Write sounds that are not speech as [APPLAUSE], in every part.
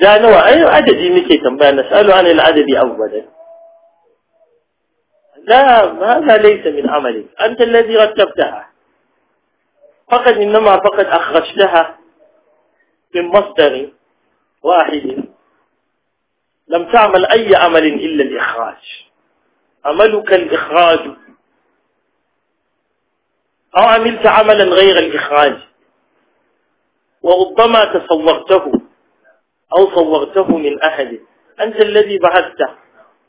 جاء نوع أي ai adadi muke نسأله عن العدد أولا لا هذا ليس من عملك أنت الذي رتبتها فقد إنما فقد أخرجتها من مصدر واحد لم تعمل أي عمل إلا الإخراج عملك الإخراج أو عملت عملا غير الإخراج وربما تصورته أو صورته من أحد أنت الذي بعثته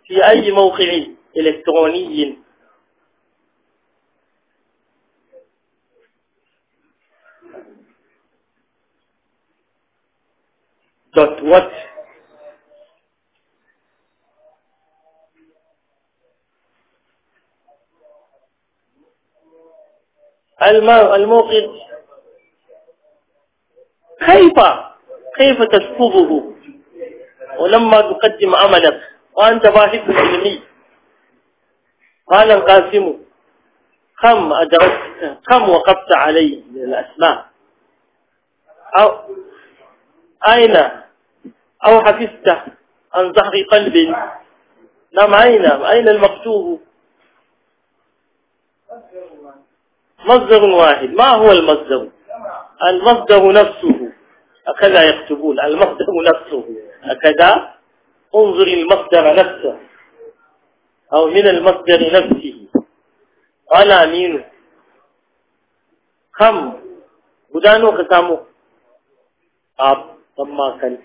في أي موقع إلكتروني dot what الموقع كيف كيف تشفظه ولما تقدم عملك وأنت باحث علمي قال القاسم كم أدركت كم وقفت عليه من الأسماء أو أين أو حفظت عن ظهر قلب نعم أين أين المكتوب مصدر واحد ما هو المصدر المصدر نفسه هكذا يكتبون المصدر نفسه هكذا انظر المصدر نفسه أو من المصدر نفسه على مين كم بدانو ختامو أب ثم كنت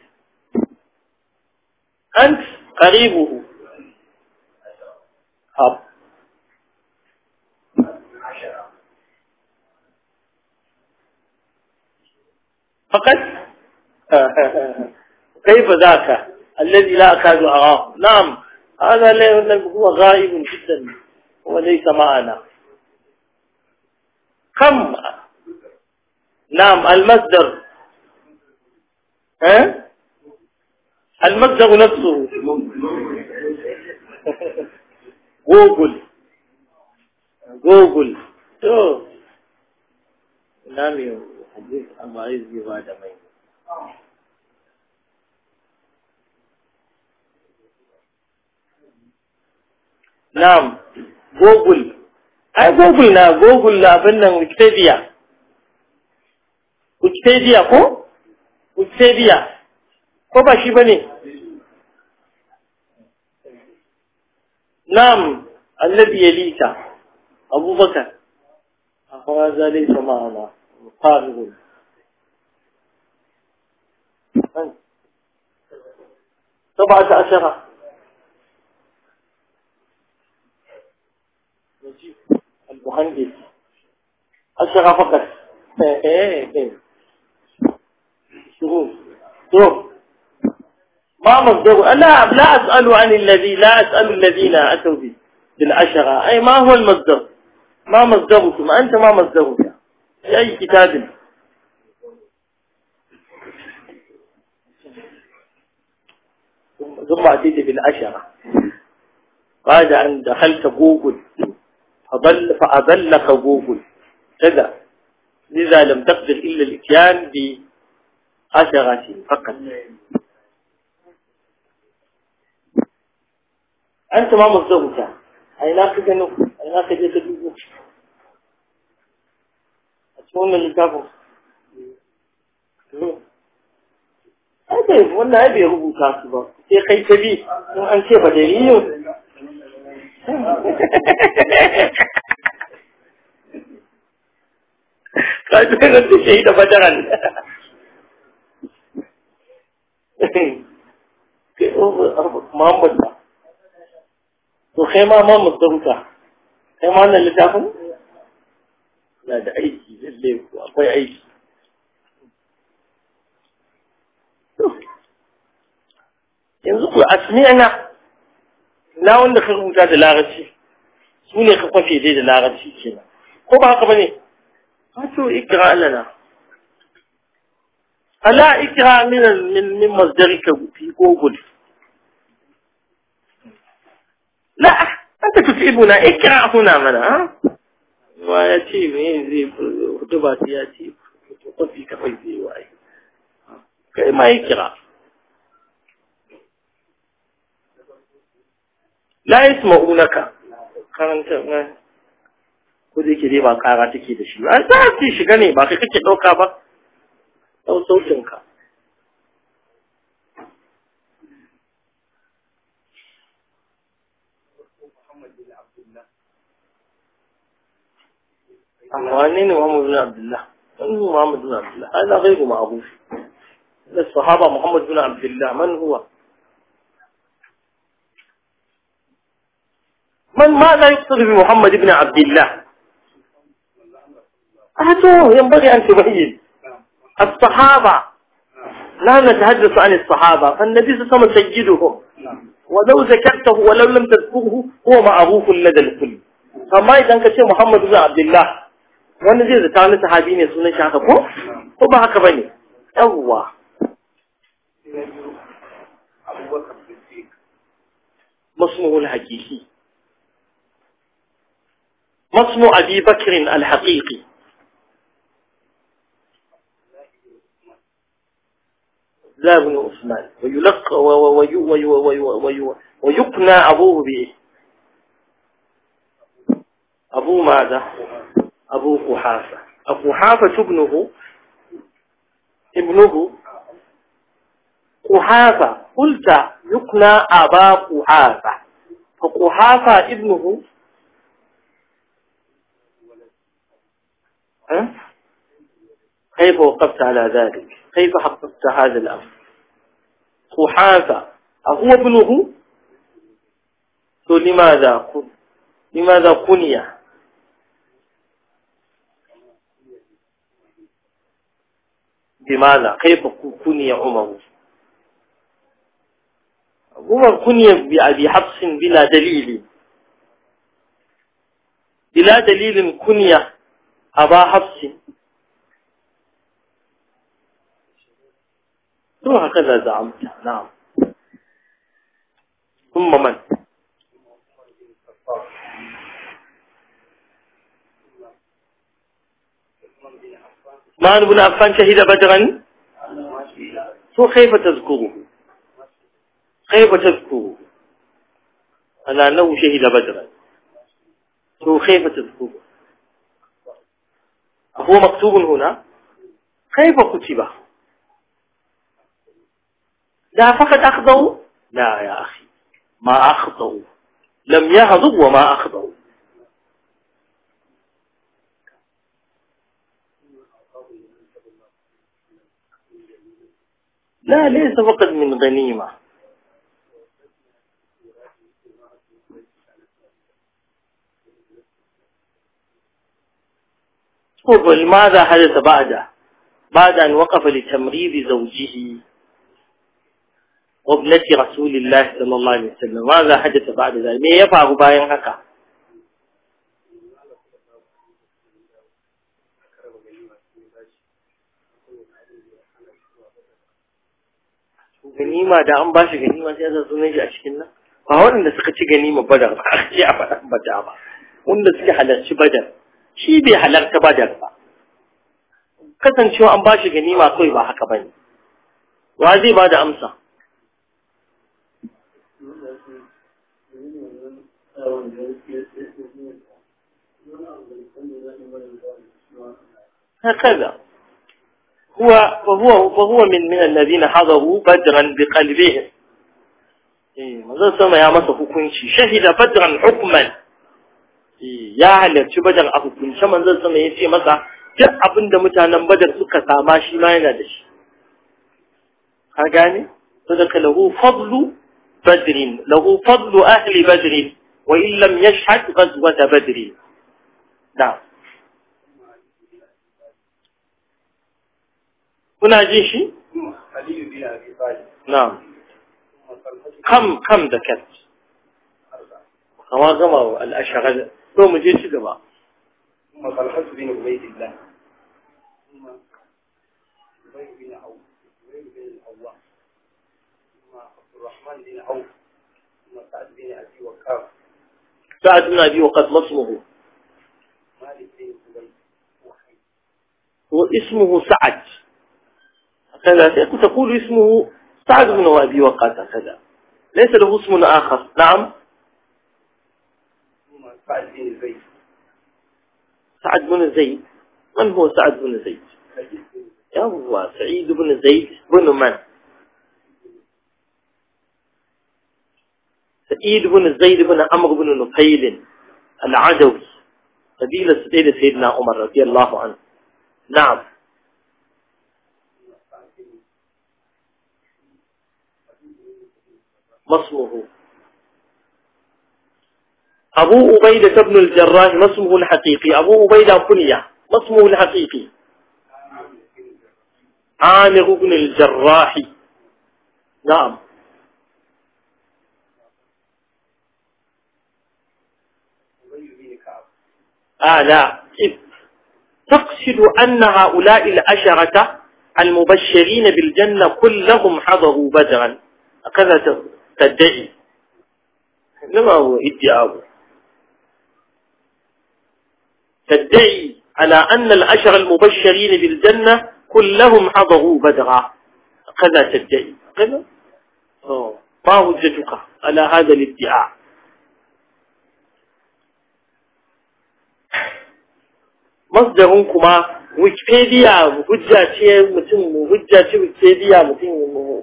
أنت قريبه أب فقط [LAUGHS] كيف ذاك الذي لا أكاد أراه نعم هذا هو غائب جدا وليس معنا كم نعم المصدر ها المصدر نفسه [LAUGHS] جوجل جوجل تو نعم يا حديث أما عايز يبادر Na'am, Google, ai Google na Google na abin nan Wikipedia. Wikipedia ko? Wikipedia, ko ba shi ba ne? Na'am, Allah ya lita, abubakar, a kwanza laisa ma'ana, fa'arun. سبعة عشرة المهندس عشرة فقط شوف ما مصدره لا لا أسأل عن الذي لا أسأل الذين أتوا بي بالعشرة أي ما هو المصدر ما مصدركم أنت ما مصدرك في أي كتاب ثم أتيت بالعشرة بعد أن دخلت جوجل فضل فأضلك جوجل كذا لذا لم تقدر إلا الإتيان بعشرة فقط أنت ما مصدرك أين أخذ نفسك أين أخذ يتدوك أتمنى اللي كافر هذا ولا أبي أبو كافر تي خي تبي وان تي بدري قاعد بين الشيء ده فجران كي او مام بدا تو خيما مام مستمتع خيما انا اللي تعرفه لا ده اي شيء اللي هو اي شيء yanzu ku asmi'na na wanda ka rubuta da larabci su ne ka kwafe dai da larabci kenan ko ba haka bane wato ikra alala ala ikra min min min masdarika fi google la anta tusibuna ikra huna mana wa ya ce me zai ta ya ce kwafi kafai zai wai kai ma ikra la yasma'unaka karanta eh. ko da yake dai ba kara take da shi an za su shiga ne ba kake dauka ba dau sautin ka amma ne ne bin Abdullah من هو محمد بن عبد الله هذا غير معروف الصحابة محمد بن عبد الله من هو من ماذا يقصد بمحمد بن عبد الله هذا ينبغي أن تبين الصحابة لا نتحدث عن الصحابة فالنبي وسلم سجدهم ولو ذكرته ولو لم تذكره هو معروف لدى الكل فما إذا كنت محمد بن عبد الله وانا زي إذا تعالى تحابيني سنة شاهدكم هو ما هكبني الله مصنوع الحقيقي اسم أبي بكر الحقيقي لا بن عثمان ويلق ويقنى أبوه به أبو ماذا أبو قحافة أبو حافة ابنه ابنه قحافة قلت يقنى أبا قحافة فقحافة ابنه كيف وقفت على ذلك كيف حققت هذا الأمر قحافة أهو ابنه لماذا لماذا كني بماذا كيف كني عمر عمر كني بأبي حفص بلا دليل بلا دليل كنيه أبا حفص هكذا زعمت نعم ثم من عثمان بن عفان شهد بدرا سو كيف تذكره كيف تذكره أنا أنه شهد بدرا سو كيف تذكره هو مكتوب هنا كيف كتب لا فقد أخذوا لا يا أخي ما أخذوا لم يهضب وما أخذوا لا ليس فقط من غنيمة ولماذا حدث بعد بعد أن وقف لتمريض زوجه وابنة رسول الله صلى الله عليه وسلم ماذا حدث بعد ذلك من يفعل باين هكا ganima da an bashi ganima sai ya sunan shi a cikin nan ba waɗanda suka ci ganima badar ba a ce a faɗa bada ba wanda suka halarci badar shi bai halarta badar ba kasancewa an bashi ganima kawai ba haka bane wa zai ba da amsa هكذا هو وهو وهو من من الذين حضروا بدرا بقلبهم ايه ما زال سما يا مسا حكمي شهد بدرا حكما ya halarci badar a hukunce manzon sama ya ce masa duk abin da mutanen badar suka sama shi ma yana da shi ka gane sadaka lahu fadlu badrin lahu fadlu ahli badrin wa in lam yashhad ghazwat badrin da kuna jin shi na'am kam kam da kat kama gama al-ashghal ثم mu je ثم طلحه بن عبيد الله ثم زبير بن عوف زبير بن العواص ثم عبد الرحمن بن عوف ثم سعد بن ابي وقاص سعد بن ابي وقاص ما اسمه؟ مالك بن هو اسمه سعد هكذا تقول اسمه سعد بن ابي وقاص هكذا ليس له اسم اخر نعم سعد بن زيد سعد بن زيد من هو سعد بن زيد يا الله سعيد بن زيد بن من سعيد بن زيد بن عمرو بن نفيل العدوي قبيلة سيدنا سيدنا عمر رضي الله عنه نعم ما اسمه أبو أبيدة بن الجراح ما اسمه الحقيقي أبو أبيدة كنية ما اسمه الحقيقي عامر بن الجراح نعم آه لا تقصد أن هؤلاء العشرة المبشرين بالجنة كلهم حضروا بدرا كذا تدعي لما هو ادعاؤه تدعي على أن العشر المبشرين بالجنة كلهم حضروا بدرا كذا تدعي كذا ما وجدتك على هذا الادعاء مصدر كما ويكيبيديا هجة متن هجة ويكيبيديا متن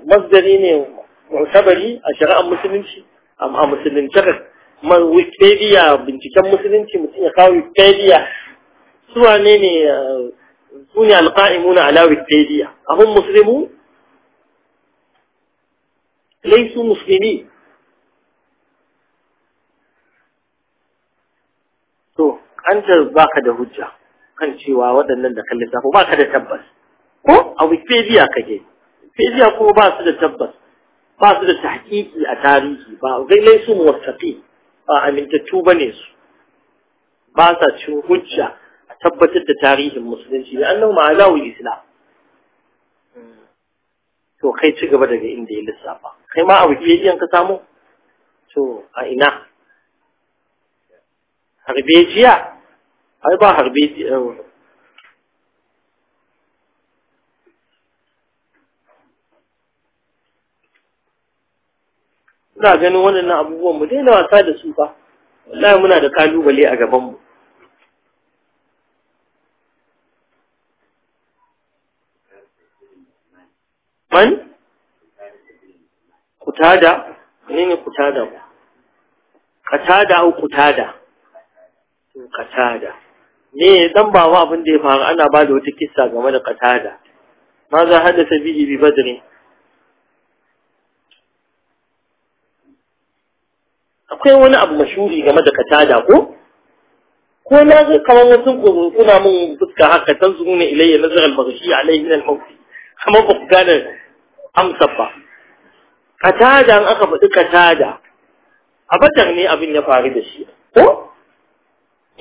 مصدرين ne معتبري a shari'ar أم مسلمين musulunci man Wikipedia binciken musulunci mutum ya kawo Wikipedia su ne ne eh, su ne alƙa'imuna ala Wikipedia ahun musulmi laisu musulmi to an ta ka da hujja kan cewa waɗannan da kan lissafo ka da tabbas ko a Wikipedia ka ke Wikipedia ko ba su da tabbas ba su da tahqiqi a tarihi ba zai laisu muwaffaqi ba amintattu ba ne su ba sa cin hujja a tabbatar da tarihin musulunci da annahu ma'alawul islam to kai ci gaba daga inda ya lissafa kai ma a wikipedia ka samu to a ina harbejiya ai ba harbejiya suna ganin waɗannan abubuwan mu daina wasa da su ba wallahi muna da kalubale a gaban mu man kutada ne ne kutada katada au kutada to katada ne dan ba abin da ya faru ana ba da wata kissa game da katada ma za haddasa bihi bi badrin akwai wani abu mashuri game da katada ko ko na ga kamar wasu kuna mun fuska haka tanzuruna ilayya nazar al-maghshi alayhi min al-maut amma ba ku gane amsa ba katada an aka faɗi katada a batar ne abin ya faru da shi ko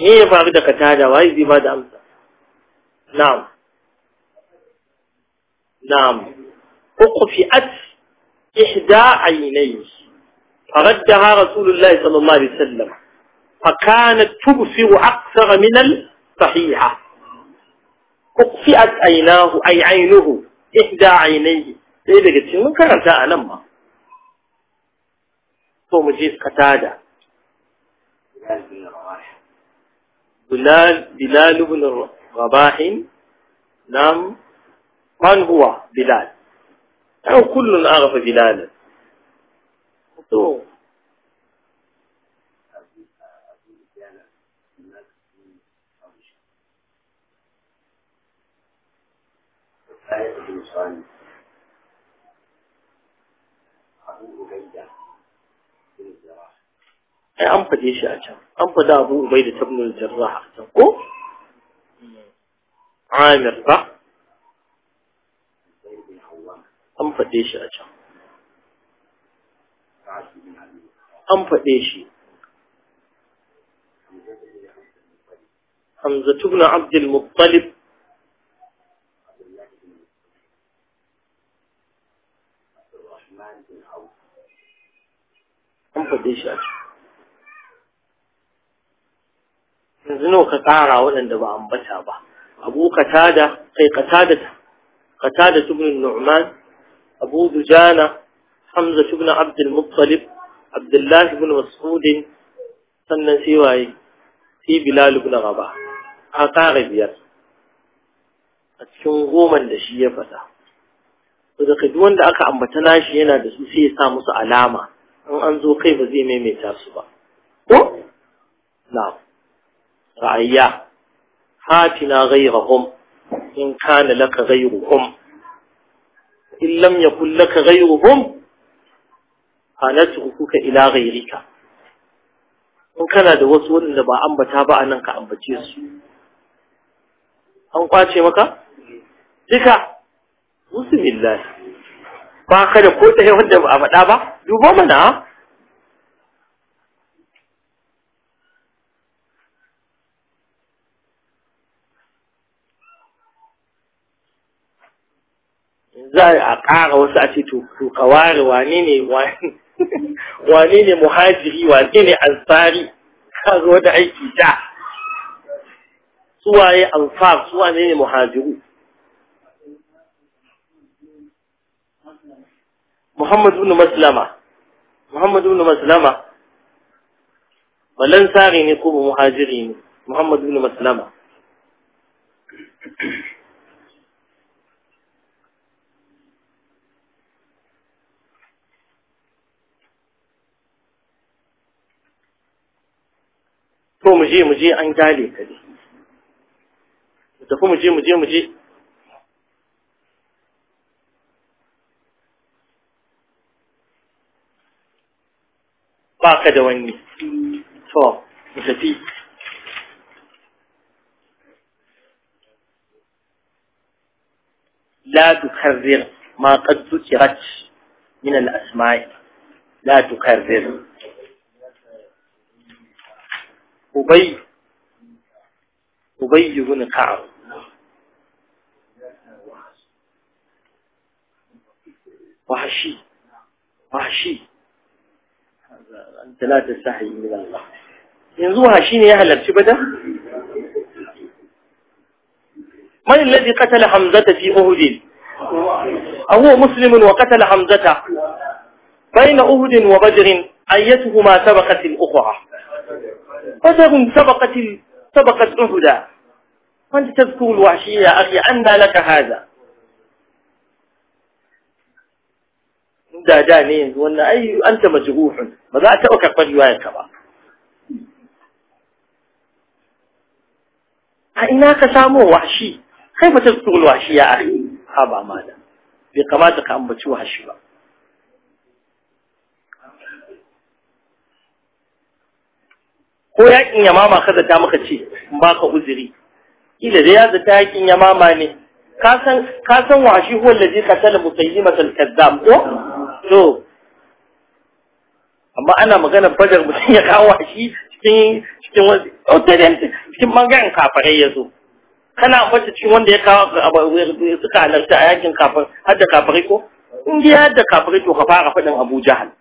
me ya faru da katada wai zai ba da amsa na'am na'am uqfi'at ihda ainihi فردها رسول الله صلى الله عليه وسلم فكانت تبصر أكثر من الصحيحة أقفئت عيناه أي عينه إحدى عينيه sai إيه قلت cikin mun karanta a nan ma so mu je katada Bilal Bilal ibn Rabah nam man أو كل عرف بلالا تو الإنسان ai an fade shi a can an fada abu ubai da tabnul jarrah a can ko amir ba an fade shi a can an faɗe shi hamza ibn abdul muttalib an faɗe shi a yanzu nawa ka tsara waɗanda ba ambata ba abu katada kai katada katada ibn nu'man abu dujana حمزة بن عبد المطلب عبد الله بن مسعود سنة سواي في بلال بن غبا عقاق بيار أتشنغو من لشي فتا وإذا قدوان لأكا عم بتناشي هنا دسوسي ساموس علامة أن أنزو كيف زي ميمي تاسوبا نعم رعيا هاتنا غيرهم إن كان لك غيرهم إن لم يكن لك غيرهم hukuka ila ghayrika in kana da wasu wanda ba ambata ba anan ka ambace su an kwace maka duka bismillah ba ka da ko ta da ba a faɗa ba duba mana za a ƙara wasu a ce to ka ware wane ne Wani. wane ne muhajiri wane ne ansari ka zo da aiki da suwaye ansar suwane ne muhajiru muhammadu ibn Maslama muhammadu ibn Maslama balansari ne ko muhajiri ne muhammadu ibn Maslama ko mu je mu je an gane ka ne mu tafi mu je mu je mu je ba ka da wani to mu tafi لا تكرر ما قد ذكرت من الأسماء لا تكرر Ubay Ubay yubun ka'ab Wahashi Wahashi Anta la ta sahi min Allah Yanzu wahashi ne ya halarci bada? Man alladhi qatala Hamzata fi Uhud? Ahu muslimun wa qatala Hamzata bayna Uhud wa Badr ayyatuhuma sabaqat وذهم سبقت سبقت أهدا وأنت تذكر الوحشية يا أخي أنى لك هذا da da ne yanzu wannan ai anta majruhun ba za a taɓa karɓar riwayarka ba a ina ka samo washi kai ba ta tsoron washi ya ari ha ba ma da bai kamata ka ambaci washi ba ko yakin yamama ka zata maka ce in baka uzuri kila da ya zata yakin yamama ne ka san ka san washi huwa allazi qatala musaylimatal kazzab ko to amma ana magana badar mutum ya kawo washi cikin cikin wani oh, cikin bangaren kafarai ya zo kana wacce cikin wanda ya kawo suka halarta a yakin kafar har da kafarai ko in dai har da kafarai to ka fara faɗin Abu Jahal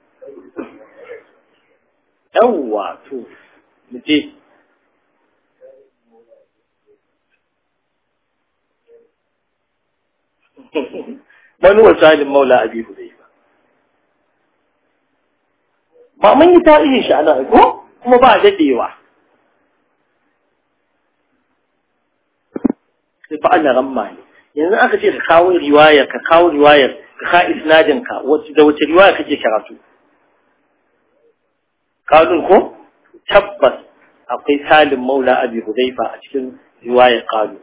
yawwa to mu je [LAUGHS] wani wa sa'ilin maula abi hudayfa ba mun yi tarihin shi ana ko kuma ba dadewa sai fa ana ramma ne yanzu aka ce ka kawo riwayar ka kawo riwayar ka ka isnadin ka wace da wace riwaya kake karatu kawo ko tabbas akwai salin maula abi hudaifa a cikin riwaya qalu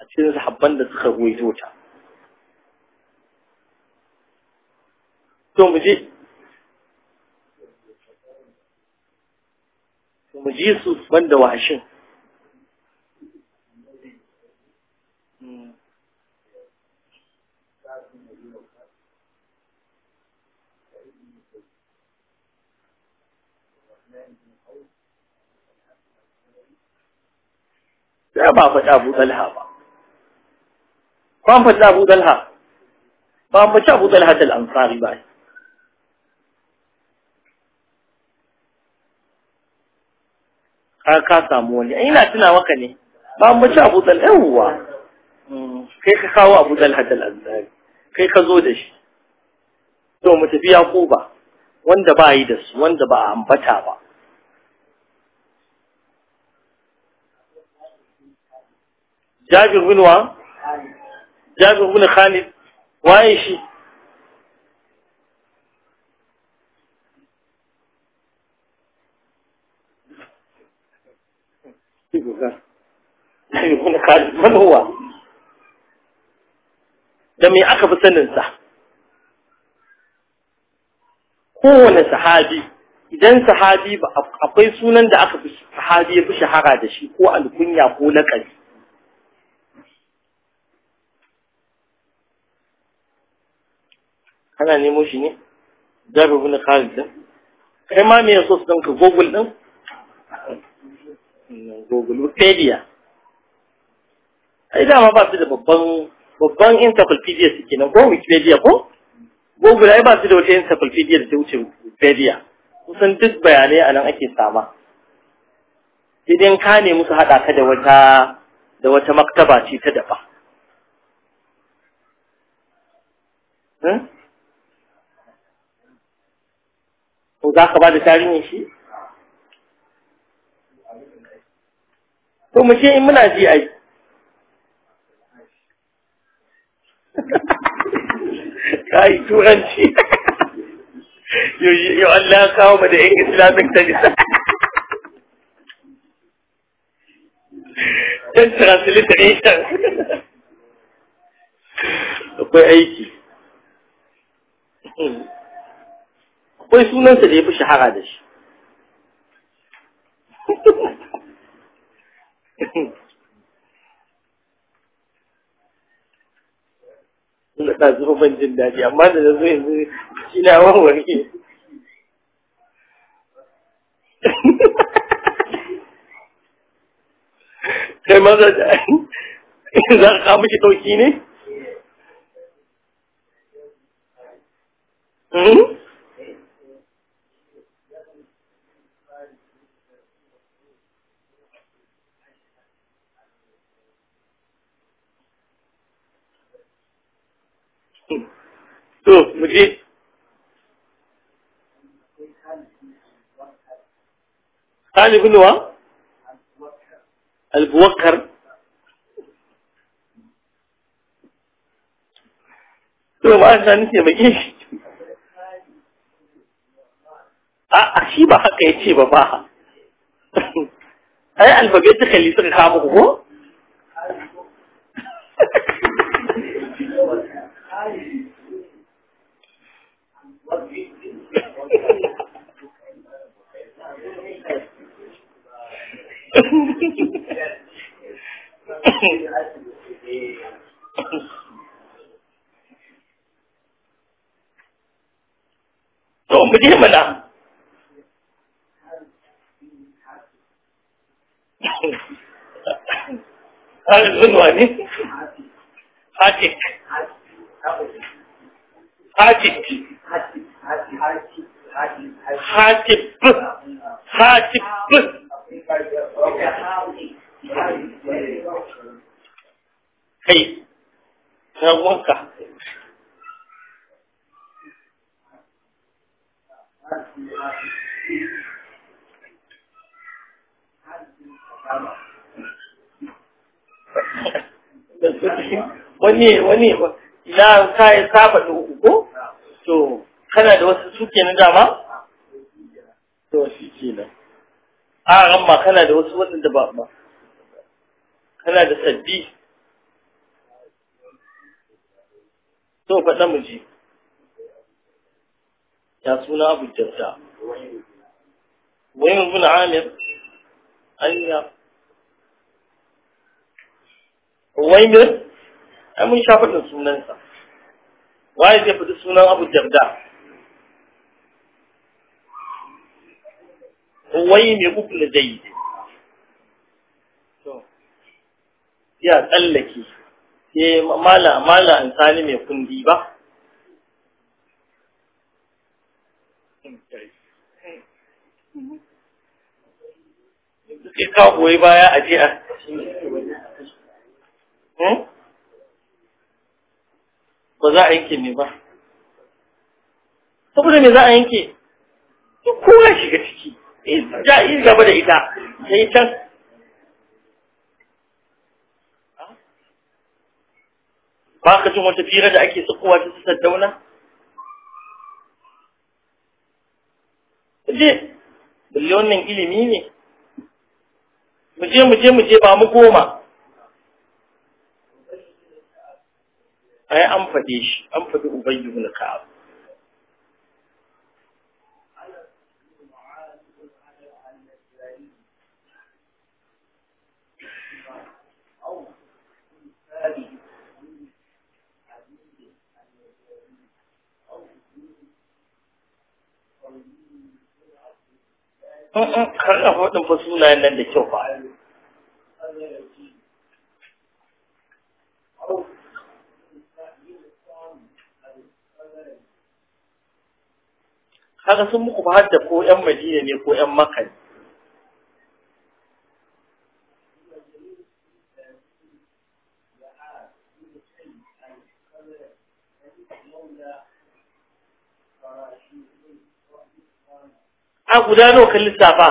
a cikin sahabban da suka ruwaito ta to mu je mu ji su banda wahashin ai ba faɗi Abu dalha ba ba faɗi Abu dalha ba Ba ci Abu dalha da Ansari ba ka ka samu wani ina tuna maka ne ba ba ci Abu dalha yawwa mm, kai ka kawo Abu dalha da Ansari kai ka zo da shi to mu tafi ba wanda ba yi da su wanda ba a ambata ba jabir bin wa jabir bin khalid waye shi man huwa da me aka fi saninsa? kowane sahabi idan sahabi ba akwai sunan da aka fi sahabi ya fi shahara da shi ko alkunya ko laƙabi kana nemo shi ne jabi bin khalid din kai ma me yaso su danka google din google wikipedia ai dama ba su da babban babban encyclopedia suke nan ko wikipedia ko google ai ba su da wata encyclopedia da ta wuce wikipedia kusan duk bayanai a nan ake sama sai dai ka ne musu haɗa ka da wata da wata maktaba ce ta dafa hmm? ko za ka ba da tarihin shi to mu ce in muna ji [LAUGHS] Ka yi turanci yau Allah kawo mu da yan islamic studies [LAUGHS] Yan translation [LAUGHS] akwai aiki akwai sunansa da ya fi shahara da shi na zo ban jin daɗi amma da zai zai shi na warware kai ma za ka kama shi sauki ne? Mm-hmm. to mu je Sani bin wa? Albuwakar. To ba a sani ce mai shi. Eh. A shi ba haka ya ce ba ba. [LAUGHS] Ai kalli suka kama ko? to mu je mana har zunuwa ne hajjik hajjik hajjik hatib hatib kai rawanka [LAUGHS] wani wani na kai saba da uku to kana da wasu suke na dama to shi nan. a ramma kana da wasu waɗanda ba ba kana da sabbi to faɗa mu ji ya suna abu jarda wani bin amir anya waimir ai mun sha faɗin sunansa waye zai faɗi sunan abu jarda da zai yi. ya tsallake, sai mala mala Sani mai kundi ba sai ka goyi baya a je a hmm? ba za a yanke ne ba saboda me za a yanke kowa shiga ja in gaba da ita yi can ba ka jin wata fira da ake sakowa ta sassauna je balle wannan ilimi ne mu je mu je mu je ba mu goma ai an faɗe shi an faɗi ubayyu na ka'ab kar a fa sunayen nan da kyau ba kaga sun muku ba hadda ko ƴan Madina ne ko ƴan makani. a guda nawa ka lissafa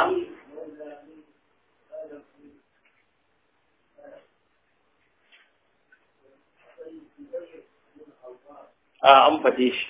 a an fade shi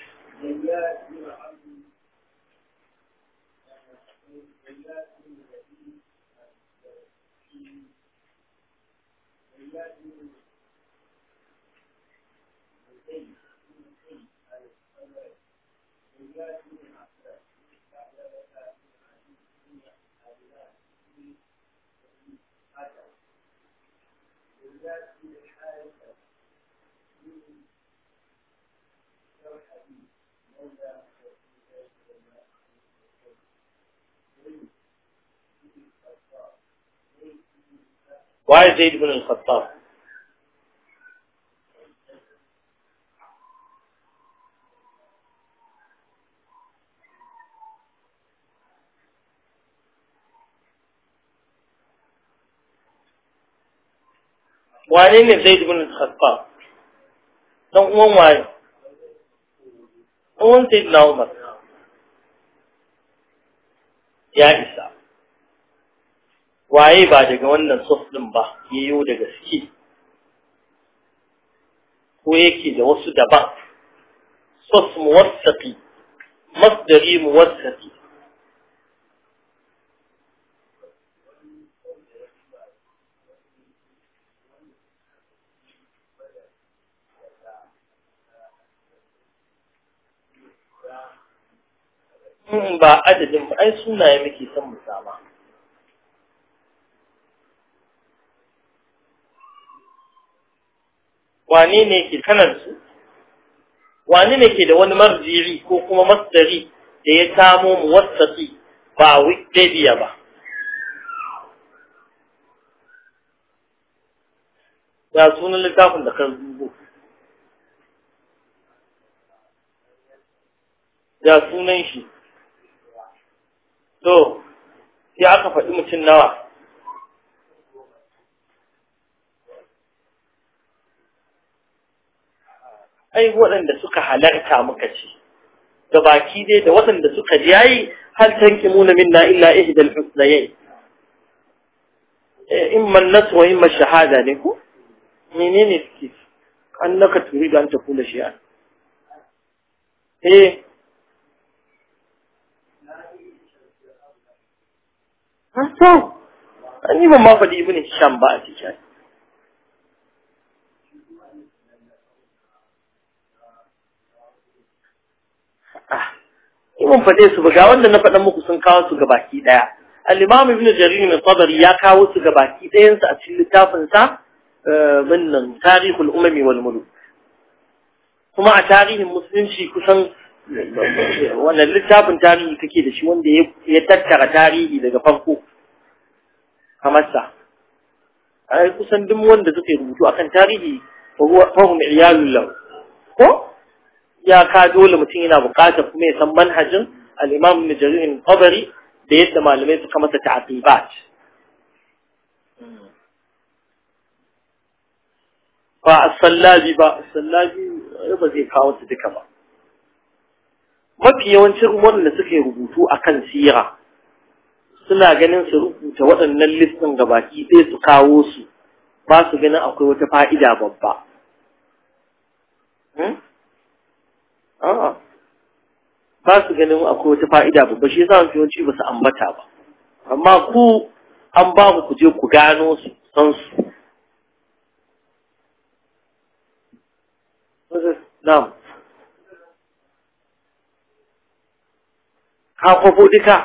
وعايز زيد بن الخطاب وعايزين زيد بن الخطاب نو مو ماي اون تي نو يا حساب waye ba daga wannan din ba yiwu da gaske ko yake da wasu daban suf muwassaqi masdari muwassaqi ba adadin ba ai sunaye muke son mu sama wane ne ke kanansu wane ne ke da wani marziri ko kuma masdari da ya samo muwassati ba wikipedia ba ya sunan littafin da kan zubo ya sunan shi to sai aka faɗi mutum nawa ai waɗanda suka halarta muka ce da baki dai da waɗanda suka ji yayi hal muna minna illa ihdal husnayayn eh, imma an nasu wa imma ash-shahada ne ko menene suke annaka turidu an ta kula eh ha ah, to an yi ma faɗi ibn hisham ba a cikin mun faɗe su ga wanda na fada muku sun kawo su gabaki ɗaya al-imam ibn jarir ya kawo su gabaki ɗayan su a cikin littafin sa minnan eh, tarihul umami wal muluk kuma a tarihin musulunci kusan wannan littafin tarihi kake da shi wanda ya tattara tarihi daga farko kamar sa ai kusan duk wanda suka rubutu akan tarihi fahum iyalul ko iyaka dole mutum yana buƙatar kuma ya san manhajin al-Imam jaririn Jarir al da yadda malamai suka masa ta'qibat ba as-sallabi ba as-sallabi ba zai kawo su duka ba mafi yawancin wanda suka rubutu a kan sira suna ganin su rubuta waɗannan listin gabaki ɗaya su kawo su ba su ganin akwai wata fa'ida babba hmm? a'a ba su ganin akwai wata fa'ida babba shi a yawanci ba su ambata ba amma ku an ba ku je ku gano su san su na'am ka duka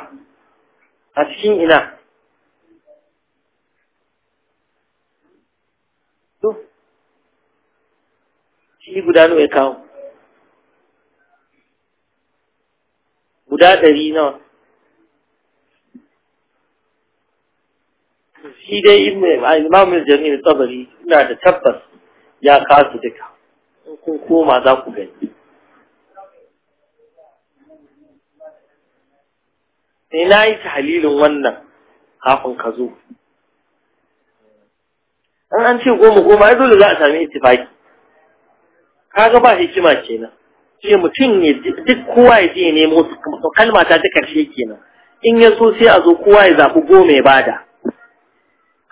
a cikin ina shi guda nawa ya kawo guda ɗari nawa shi dai imamu jami'in tsabari ina da tabbas ya kasu duka in kun koma za ku gani sai eh, na yi tahalilin wannan kafin ka zo an an ce goma goma ya dole za a sami Ka ga ba hikima kenan ce mutum ne duk kowa ya je ya nemo kalma ta ta karshe kenan in ya so sai a zo kowa ya zaɓi goma ya bada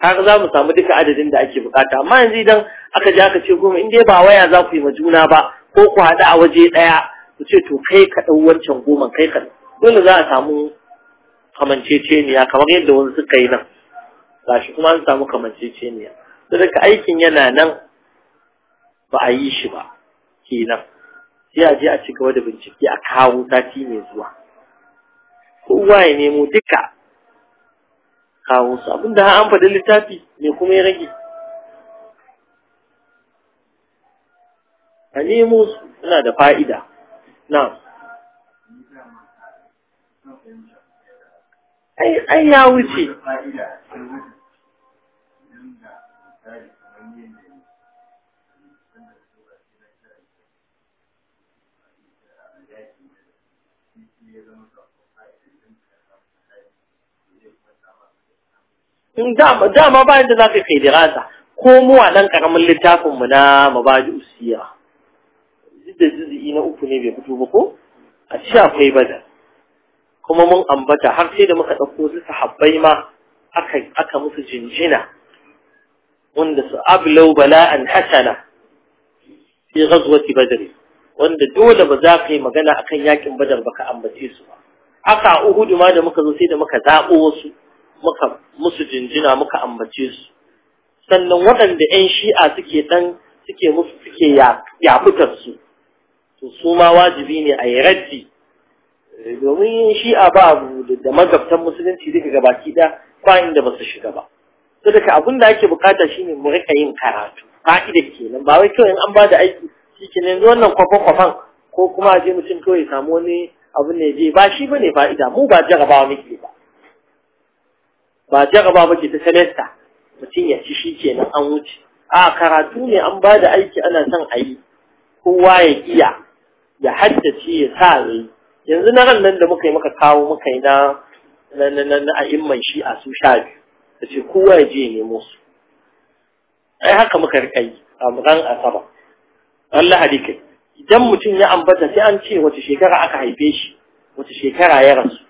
kaga za mu samu duka adadin da ake bukata amma yanzu idan aka je aka ce goma in dai ba waya za ku yi ma juna ba ko ku haɗu a waje ɗaya ku ce to kai ka ɗau wancan goma kai ka dole za a samu kamanceceniya kamar yadda wani suka yi nan gashi kuma an samu kamanceceniya saboda aikin yana nan ba a yi shi ba kenan sai a je a ci gaba da bincike a kawo sati mai zuwa kowa ya nemo duka kawo su abinda har an faɗi littafi me kuma ya rage a nemo su suna da fa'ida na ai ya wuce in dama dama za ka zaka kai dirasa ko mu a nan karamin littafin mu na mabaji usiya da zizi, na uku ne bai fito ba ko a ci akwai badar kuma mun ambata har sai da muka ɗauko su sahabbai ma aka aka musu jinjina wanda su ablau bala'an hasana fi ghazwati badr wanda dole ba za ka yi magana akan yakin badar baka ambace su ba aka uhudu ma da muka zo sai da muka zabo wasu muka musu jinjina muka ambace su sannan waɗanda 'yan shi'a suke ɗan suke musu suke yafutar su to su ma wajibi ne a yi raddi eh, domin shi'a ba abu da magabtan musulunci duka gabaki da ba inda ba su shiga ba to daga abin da ake bukata shine mu rika yin karatu fa'ida kenan ba wai kawai an ba da aiki shi yanzu wannan kwafan-kwafan ko kuma a je mutum kawai samu wani abu ne je ba shi bane fa'ida mu ba jarabawa muke ba ba jaraba ba ce ta semesta mutum ya ci shi kenan an wuce a karatu ne an ba da aiki ana son a yi kowa ya iya ya haddace ya sa ya yi yanzu na ran nan da muka yi muka kawo muka yi na na na a'imman shi a su sha biyu da ce kowa ya je ya nemo su ai haka muka rika yi a ran asaba Allah hadika idan mutum ya ambata sai an ce wace shekara aka haife shi wace shekara ya rasu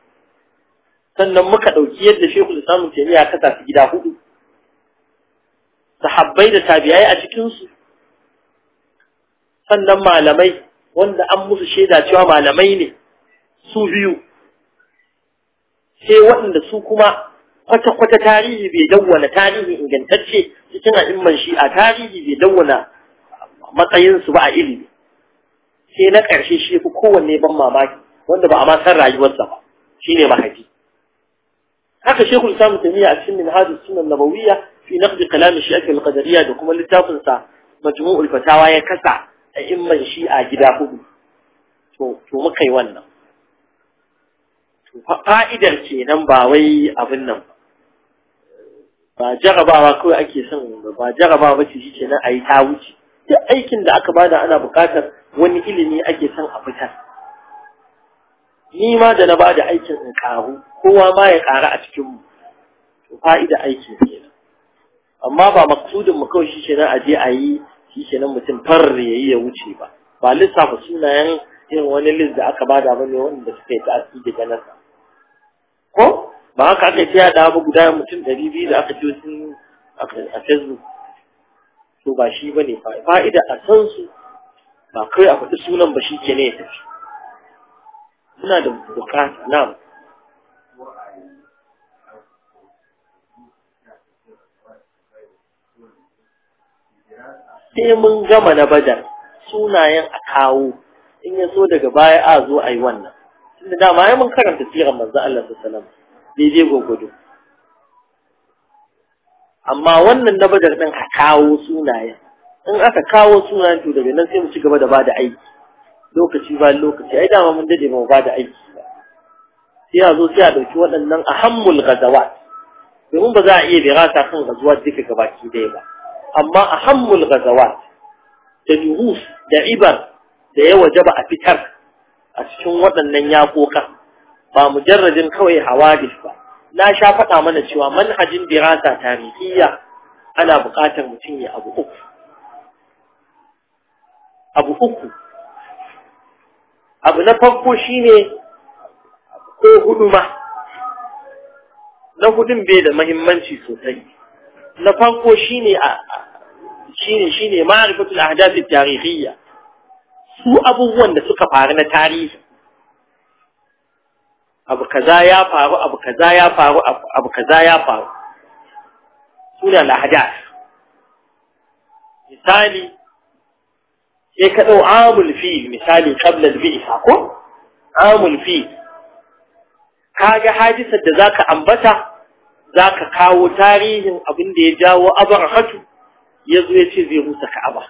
sannan muka ɗauki yadda shekul samun taimiyya ta su gida hudu sahabbai da tabi'ai a cikinsu sannan malamai wanda an musu shaida cewa malamai ne su biyu sai waɗanda su kuma kwata-kwata tarihi bai dawwana tarihi ingantacce cikin aimman shi a tarihi bai dawwana matsayinsu ba a ilimi sai na ƙarshe shi fi kowanne ban mamaki wanda ba a ma san rayuwarsa ba shine mahaifi haka shekul samun tamiya a cikin minhaj sunan nabawiyya fi naqdi kalam shi'a al-qadariyya da kuma littafin sa majmu'ul fatawa ya kasa a imman shi'a gida hudu to to muka yi wannan to fa'idar kenan ba wai abin nan ba jarabawa kawai ake son ba jarabawa bace shi kenan ayi ta wuce duk aikin da aka bada ana buƙatar wani ilimi ake son a fitar ni ma da na ba da aikin in karu kowa ma ya ƙara a cikin mu to fa'ida aikin kenan amma ba maksudin mu kawai shi kenan a je a yi shi kenan mutum farre ya yi ya wuce ba ba lissafa sunayen irin wani list da aka bada ba ne wanda suka yi tasiri daga nasa ko ba haka aka ce ya ba guda mutum ɗari biyu da aka ce sun a facebook to ba shi ba ne fa'ida a san su ba kai a faɗi sunan ba shi ke ne ya tafi suna da bukata na sai mun gama na bajar sunayen a kawo in ya so daga baya a zo a yi wannan da dama ya mun karanta sirar manzan Allah su salam daidai gwagwado amma wannan na ɗin ɗin a kawo sunayen in aka kawo sunayen to daga nan sai mu ci gaba da bada aiki lokaci ba lokaci ai dama mun dade mu ba da aiki ba sai a zo sai a dauki waɗannan ahammul ghazawat domin ba za a iya birasa kan ghazawat duka gabaki daya ba amma ahammul ghazawat da nuhus da ibar da ya wajaba a fitar a cikin waɗannan yakoka ba mujarradin kawai hawadis ba na sha faɗa mana cewa manhajin dirasa tarihiyya ana buƙatar mutum ya abu uku abu uku abu na farko shi ne ko hudu ma na hudun bai da mahimmanci sosai na farko ne a shine shine ma'rifatul ahdath at tarihiyya su abubuwan da suka faru na tarihi abu kaza ya faru abu kaza ya faru abu kaza ya faru suna al-ahdath misali sai ka ɗau amul fi misali ƙablar al-bi'sa ko amul fi kaga hadisar da zaka ambata zaka kawo tarihin abin da ya jawo abar yazo ya ce zai rusa ka'aba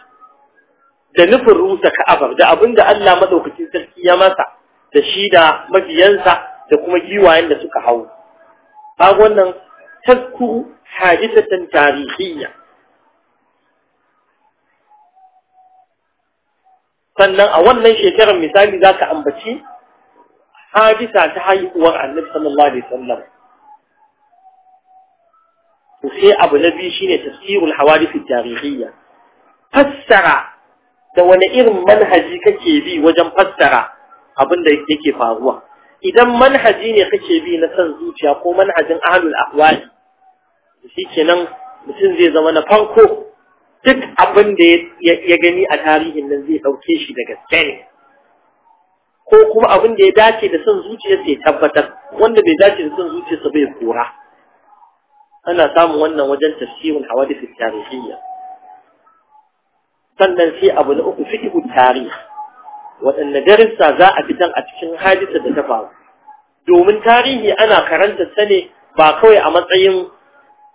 da nufin rusa ka'abar, da abin da Allah madaukakin sarki ya masa da shi da mabiyansa da kuma giwayen da suka hau kaga wannan tasku hadisatan tarihiyya sannan a wannan shekarar misali za ka ambaci hadisa ta haihuwar annabi sallallahu alaihi wasallam to sai abu na biyu shine tafsirul hawadith at tarihiyya fassara da wani irin manhaji kake bi wajen fassara abin da yake faruwa idan manhaji ne kake bi na san zuciya ko manhajin ahlul ahwali shi kenan mutum zai zama na farko abin da ya gani a tarihin nan zai sauke shi daga gaske ko kuma abin da ya dace da son zuciya sai tabbatar wanda bai dace da son zuciya sa bai kora ana samun wannan wajen tafsirin hawadith tarihiyya sannan sai abu na uku fiqhu tarih waɗanne darussa za a fitan a cikin hadisa da ta faru domin tarihi ana karanta sane ba kawai a matsayin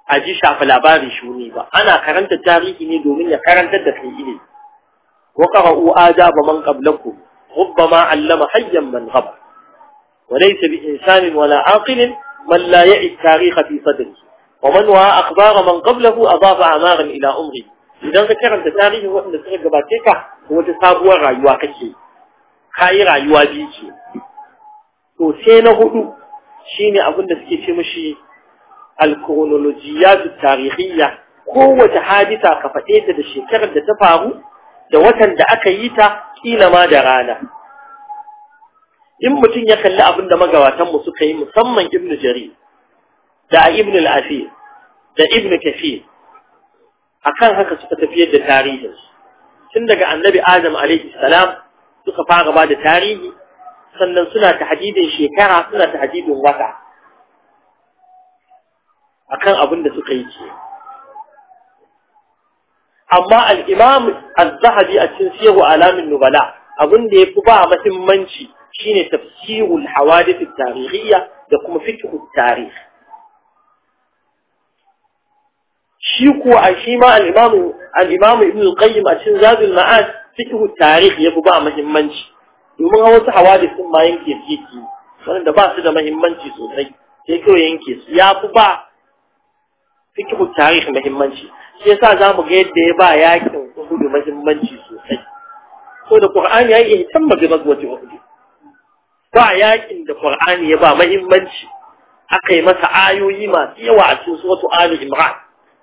a ji shafa labari shuni ba ana karanta tarihi ne domin ya karantar da kai ilimi wa qara'u adaba man qablakum rubbama allama hayyan man ghaba wa laysa bi insanin wala aqilin man la ya'i tarikh fi sadri wa man wa akhbara man qablahu adafa amaran ila umri idan ka karanta tarihi wanda suka gabace ka wata sabuwar rayuwa kake kayi rayuwa biyu ce to sai na hudu shine abin da suke ce mishi الكرونولوجيات التاريخية قوة حادثة كفتيتة بالشكرة تفاغو دوتا دعكيتا إلى ما جرانا إما تن يخلى أبن مقواتا مسكي مصمم ابن جري دع ابن الأثير دا ابن كثير أكان هكا سكتة ستفيد التاريخ سندق عن نبي آدم عليه السلام تقفى غباد التاريخ سننسنا تحديد الشكرة سننسنا تحديد الوقع akan abin da suka yi ke amma al-imam az-zahabi a cikin siyahu alamin nubala abin da yafi ba muhimmanci shine tafsirul hawadith at-tarihiyya da kuma fiqh at shi ko a shi ma al-imam al-imam ibn al-qayyim a cikin zadul ma'ad fiqh at ya yafi ba muhimmanci domin a wasu hawadith sun ma yanke fiki wadanda ba su da muhimmanci sosai sai kawai yanke su yafi ba fikihu tarih muhimmanci shi yasa zamu ga yadda ya ba yakin Uhud muhimmanci sosai ko da Qur'ani yayi ihtam bi gazwati Uhud ba yakin da Qur'ani ya ba muhimmanci aka masa ayoyi masu yawa a cikin suratu Ali Imran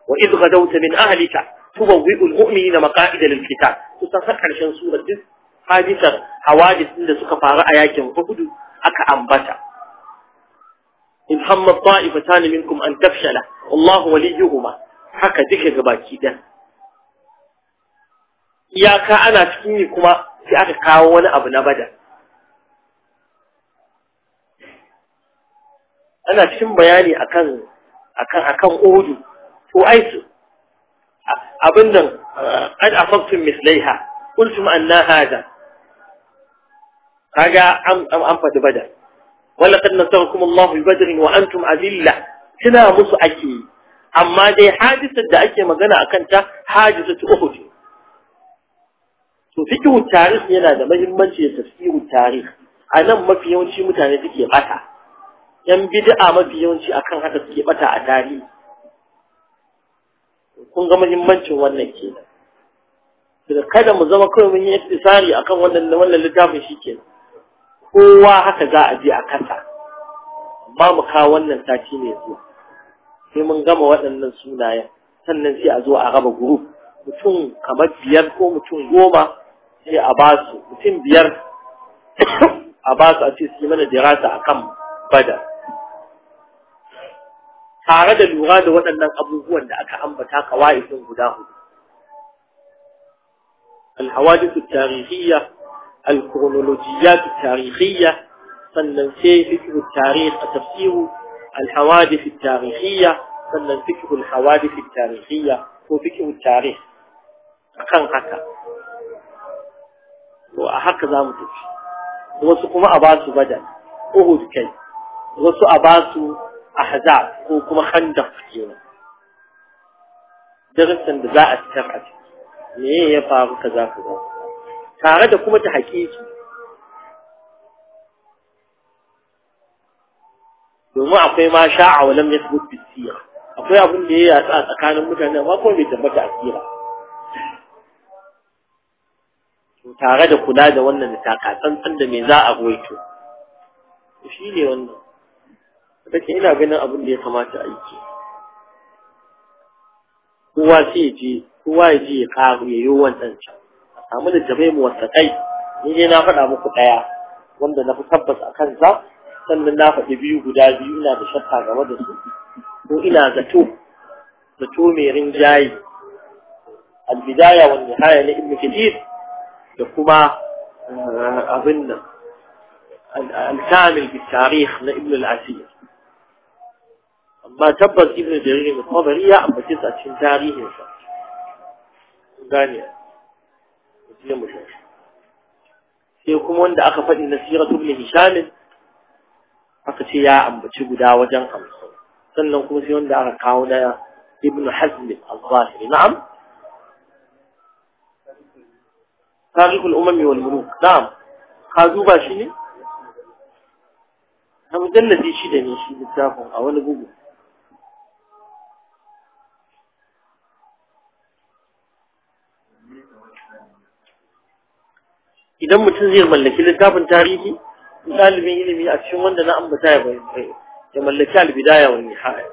wa idh gadawta min ahlika tubawwi'u al-mu'minina maqa'ida lil-qital kusan har karshen surar duk hadisar hawadis da suka faru a yakin Uhud aka ambata in hamma ne minkum an tafshala wallahu waliyuhuma haka duka baki dan iyaka ana cikin yi kuma sai aka kawo wani abu na badar ana cikin bayani akan akan akan odu to ai abin nan an afaktu mislaiha qultum anna hada kaga an an fadi badar walaqad nasarakum Allah bi Badr wa antum azilla tuna musu ake amma dai hadisar da ake magana akan ta hadisatu uhud to fiqhu tarikh yana da muhimmanci ya tafsiru tarikh anan mafi yawanci mutane suke bata yan bid'a mafi yawanci akan haka suke bata a tarihi kun ga muhimmancin wannan kenan kada mu zama kawai mun yi ittisari akan wannan wannan littafin shikenan kowa haka za a je a kasa amma mu kawo wannan sati ne zuwa sai mun gama waɗannan sunayen sannan sai a zo a raba group mutum kamar biyar ko mutum goma sai a ba su mutum biyar [COUGHS] a ba su a ce su mana dirasa a kan bada tare da lura da waɗannan abubuwan da aka ambata kawai sun guda hudu الحوادث التاريخية الكرونولوجيات التاريخية في فكر التاريخ تفسير الحوادث التاريخية فلن فكر الحوادث التاريخية هو فكر التاريخ أقن حكا وأحق زامتك وسقم أباس بدن أهد كي وسو أباس أحزاب وكما خندق فيه درسا بزاء السرعة ليه يفعل كذا كذا tare da kuma ta haƙiƙi domin akwai ma sha'a wa lamar yasbut bi akwai abin da ya yatsa a tsakanin mutane amma kuma bai tabbata a tsira. to tare da kula da wannan taka tsantsan da me za a to shi ne wannan kace ina ganin abin da ya kamata a yi kowa sai ya je kowa ya je ya kawo ya yi wancan can a mu littafai mu wasaƙai ni ne na faɗa muku ɗaya wanda na fi tabbas a kansa sannan na faɗi biyu guda biyu ina da shakka game da su ko ina zato zato mai rinjaye albidaya wa nihaya na ibnu kathir da kuma abin nan al-kamil bi tarikh na ibnu al-asir amma tabbas ibnu jarir ne tabari ya ambace a cikin tarihinsa gane na mutum sai kuma wanda aka faɗi na siratun mai hishamin aka ce ya ambaci guda wajen hamsin sannan kuma sai wanda aka kawo na ibn hazm al-zahiri na'am تاريخ الأمم والملوك نعم خازو باشي ne a mujallabi shida ne shi littafin a wani bugu idan mutum zai mallaki littafin tarihi ɗalibin ilimi a cikin wanda na ambata ya bayyana ya mallaki albidaya wani nihaya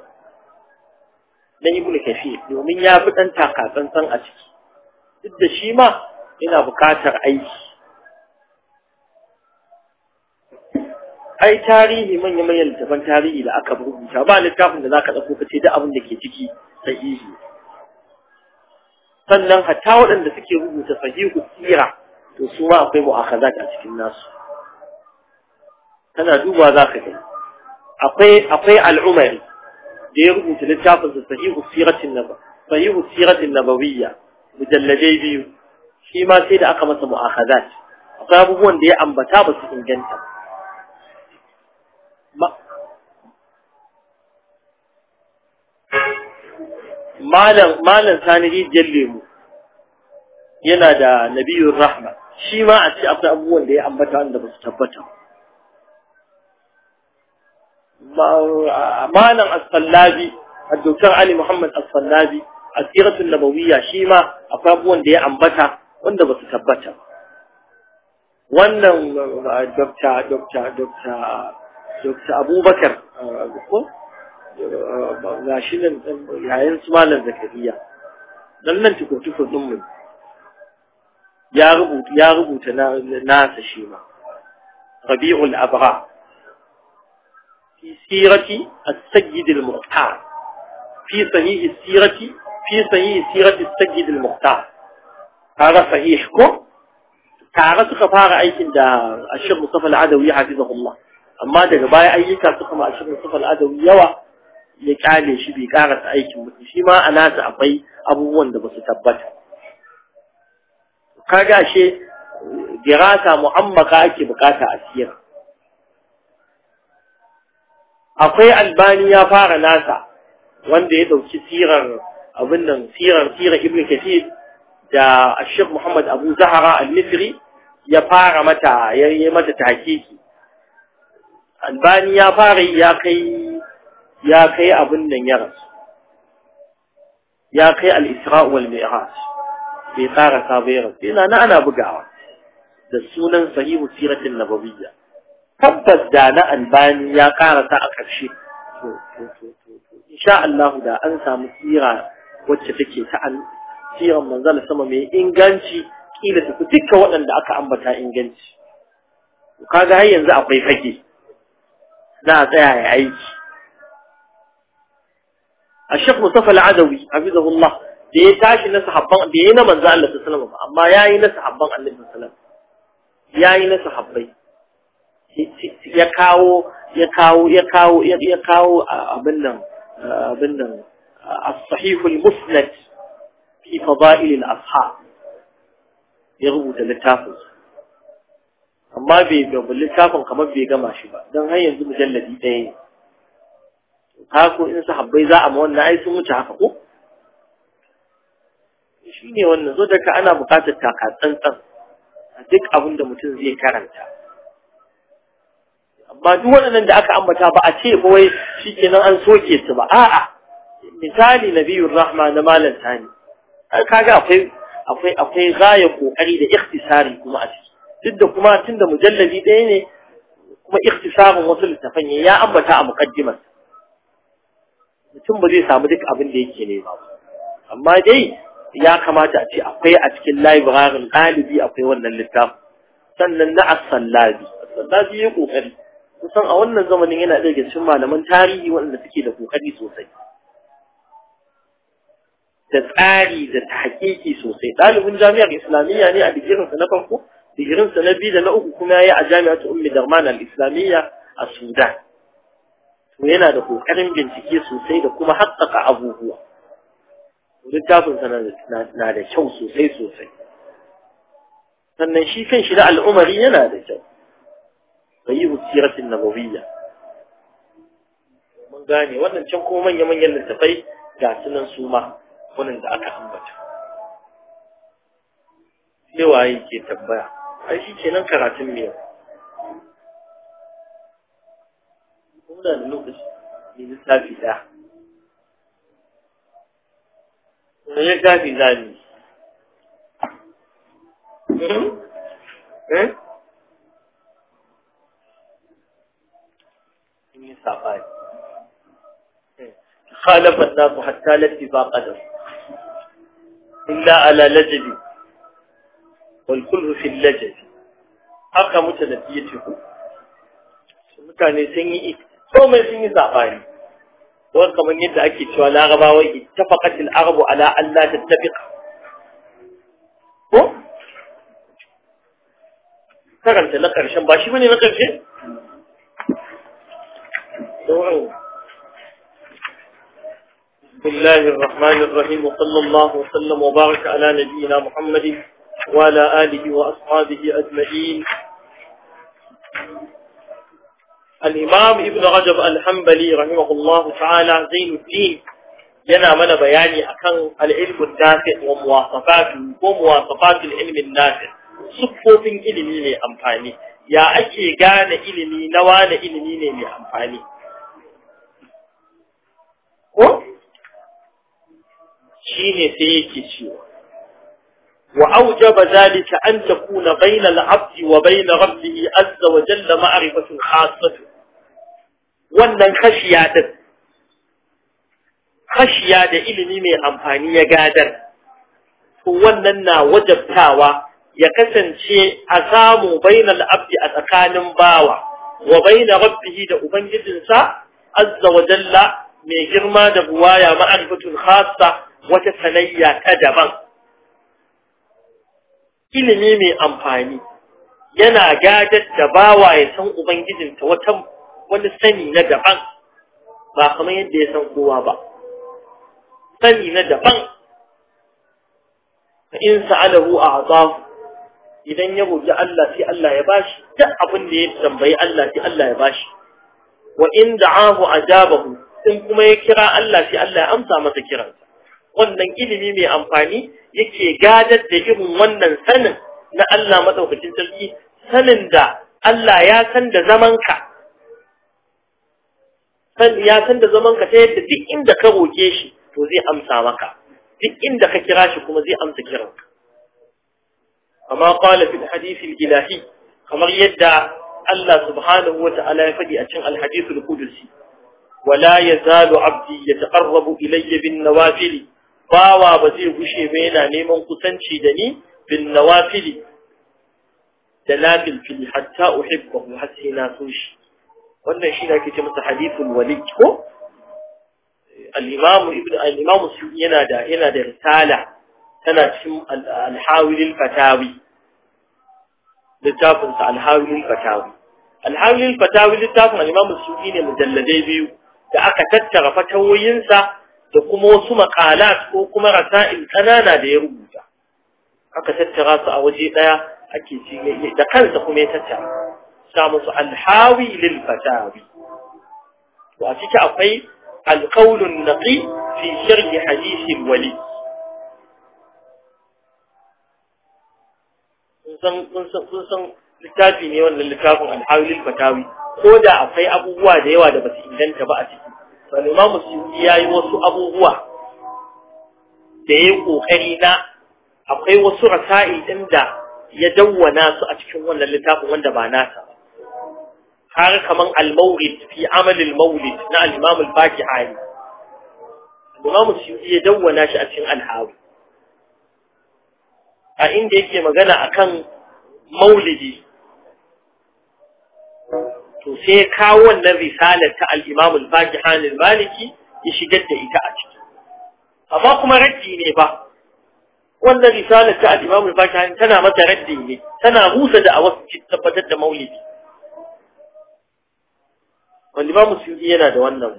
dan ibnu kafi domin ya fi dan takatsantsan a ciki duk da shi ma yana bukatar aiki ai tarihi manya manya littafan tarihi da aka rubuta ba littafin da zaka dauko kace duk abin da ke ciki sahihi sannan hatta waɗanda suke rubuta sahihu tsira. to su ma akwai mu'akaza a cikin nasu kana duba za ka kai akwai akwai al'umari da ya rubuta littafin sa sahihu siratin naba sahihu siratin nabawiyya mujalladai biyu shi ma sai da aka masa mu'akaza akwai abubuwan da ya ambata ba su inganta malam malam sani Jallemu lemu yana da nabiyun Rahman shi ma a ce akwai abubuwan da ya ambata wanda ba su tabbata malam as-sallabi doktor ali muhammad as-sallabi a asiratun nabawiyya shi ma akwai abubuwan da ya ambata wanda ba su tabbata wannan dokta dokta dokta dokta abubakar ga shi nan yayin su malam zakariya nan nan tukutukun tukur mu يا يا رغوت ناس الشيما ربيع الأبراء في سيرة السيد المختار في صحيح سيرتي في صحيح سيرة السيد المختار هذا صحيحكم كارا سخفار أيكن دا الشيخ مصطفى العدوي حفظه الله أما دا باي أي كارا سخفار الشيخ مصطفى العدوي يوا يكالي شبي كارا سأيكن مصطفى أنا سأبي أبوان دا بس kaga ashe dirasa mu'ammaka ake bukata a sira akwai albani ya fara nasa wanda ya dauki sirar abin nan sirar sirar ibn kathir da ashir muhammad abu zahara al-misri ya fara mata ya yi mata takiki albani ya fara ya kai ya kai abin nan ya rasu ya kai al-isra wal mi'raj bai karasa ba ya rasu yana na ana bugawa da sunan sahihu siratin nabawiyya tabbas da na albani ya karasa a ƙarshe insha Allah da an samu sira wacce take ta an siran manzala sama mai inganci kila ta dukkan waɗanda aka ambata inganci kaga har yanzu akwai fage za a tsaya ya aiki الشيخ مصطفى العدوي حفظه الله da ya tashi na sahabban da ya yi na manzo Allah sallallahu alaihi wasallam ba amma yi na sahabban Allah sallallahu alaihi wasallam yi na sahabbai ya kawo ya kawo ya kawo ya kawo abin nan abin nan as-sahih al-musnad fi fada'il al asha ya rubuta littafin amma bai ga littafin kamar bai gama shi ba dan har yanzu mujalladi ɗaya ne ka ko in sahabbai za a ma wannan ai sun wuce haka ko shi ne wannan zo daga ana buƙatar takatsantsan a duk abin da mutum zai karanta amma duk waɗannan da aka ambata ba a ce ba wai shi kenan an soke su ba a'a misali na biyun rahma na malam sani kaga akwai akwai akwai gaya kokari da ikhtisari kuma a ciki duk da kuma tun da mujallabi ɗaya ne kuma ikhtisarin wasu littafan ya ambata a muqaddimar mutum ba zai samu duk abin da yake ne ba amma dai ya kamata a ce akwai a cikin library ɗalibi akwai wannan littafin sannan na as-sallabi ya kokari kusan a wannan zamanin yana daga cikin malaman tarihi waɗanda suke da kokari sosai da tsari da tahqiqi sosai ɗalibin jami'ar islamiyya ne a digirinsa na farko digirinsa na biyu da na uku kuma yayi a jami'atu ummi darman al-islamiyya a sudan to yana da kokarin bincike sosai da kuma haƙƙaƙa abubuwa littafinsa na da kyau sosai sosai sannan shi kan shi da al'umari yana da kyau bai yi siratin nabawiyya mun gane wannan can kuma manya-manyan littafai ga sunan su ma wannan da aka ambata cewa yi ke tabbaya ai shi kenan karatun miyar kuma da lokaci ne lissafi ɗaya Wani littafi za mu yi? yi saɓani. Eh. Khalafan nasu hatta lafi ba ƙadar. Illa ala lajabi, walkulhu fil lajabi. Haka mutane ya ce Mutane sun yi komai sun yi saɓani. wani kamar yadda ake cewa larabawa ittafaqat al-arabu ala an la tattafiq ko karanta na karshen ba shi bane na karshe بسم الله الرحمن الرحيم وصلى الله وسلم وبارك على نبينا محمد وعلى آله وأصحابه أجمعين الإمام ابن رجب الحنبلي رحمه الله تعالى زين الدين ينا من بياني أكان العلم النافع ومواصفات ومواصفات العلم النافع سكو من إلمي لي أمفاني يا أكي غان إلمي نوان إلمي لي أمفاني و شيني سيكي شيو وأوجب ذلك أن تكون بين العبد وبين ربه عز وجل معرفة خاصة wannan khashiya din khashiya da ilimi mai amfani ya gadar to wannan na wajabtawa ya kasance a samu bainal abdi a tsakanin bawa wa baina rabbihi da ubangijinsa azza wa jalla mai girma da buwaya ma'arifatul khassa wata sanayya ta daban ilimi mai amfani yana gadar da bawa ya san ubangijinta wata wani sani na daban ba kamar yadda ya san kowa ba sani na daban fa in sa'alahu a'tahu idan ya roki Allah sai Allah ya bashi duk abin da ya tambayi Allah sai Allah ya bashi wa in da'ahu ajabahu in kuma ya kira Allah sai Allah ya amsa masa kiransa wannan ilimi mai amfani yake gadar da irin wannan sanin na Allah madaukakin sarki sanin da Allah ya san da zamanka san ya san da zaman ka ta yadda duk inda ka roke shi to zai amsa maka duk inda ka kira shi kuma zai amsa kiranka kama qala fil hadith al ilahi kamar yadda Allah subhanahu wa ta'ala ya faɗi a cikin al hadith al qudusi wala yazalu abdi yataqarrabu ilayya bin nawafil bawa ba zai gushe ba yana neman kusanci da ni bin nawafili da lafil fili hatta uhibbahu har sai na so shi wannan shi da ake ce masa haliful wali ko al-imam ibn al-imam yana da yana da risala tana cikin al fatawi Littafinsa sa fatawi al-hawil fatawi littafin al su sufi ne mujalladai biyu da aka tattara fatawoyinsa da kuma wasu maqalat ko kuma rasa'il kanana da ya rubuta aka tattara su a waje ɗaya ake ci da kansa kuma ya tattara sa alhawi lil fatawi to a ciki akwai alqaulun naqi fi sharhi hadithin wali san san littafi ne wannan littafin alhawi lil fatawi ko da akwai abubuwa da yawa da basu inganta ba a ciki sai imamu musyi yayi wasu abubuwa da yayi kokari na akwai wasu rasa'i din da ya dawwana su a cikin wannan littafin wanda ba nasa ba kaga kaman al maulid fi amal al-mawlid na al-imam al-fakihani al-imam suyuti ya dawwana shi a cikin al-hawi a inda yake magana akan maulidi to sai kawo wannan risalar ta al-imam al-fakihani al-maliki ya shigar da ita a ciki amma kuma raddi ne ba wannan risalar ta al-imam al-fakihani tana mata raddi ne tana musa da a awasu tabbatar da maulidi wal imam suyuti yana da wannan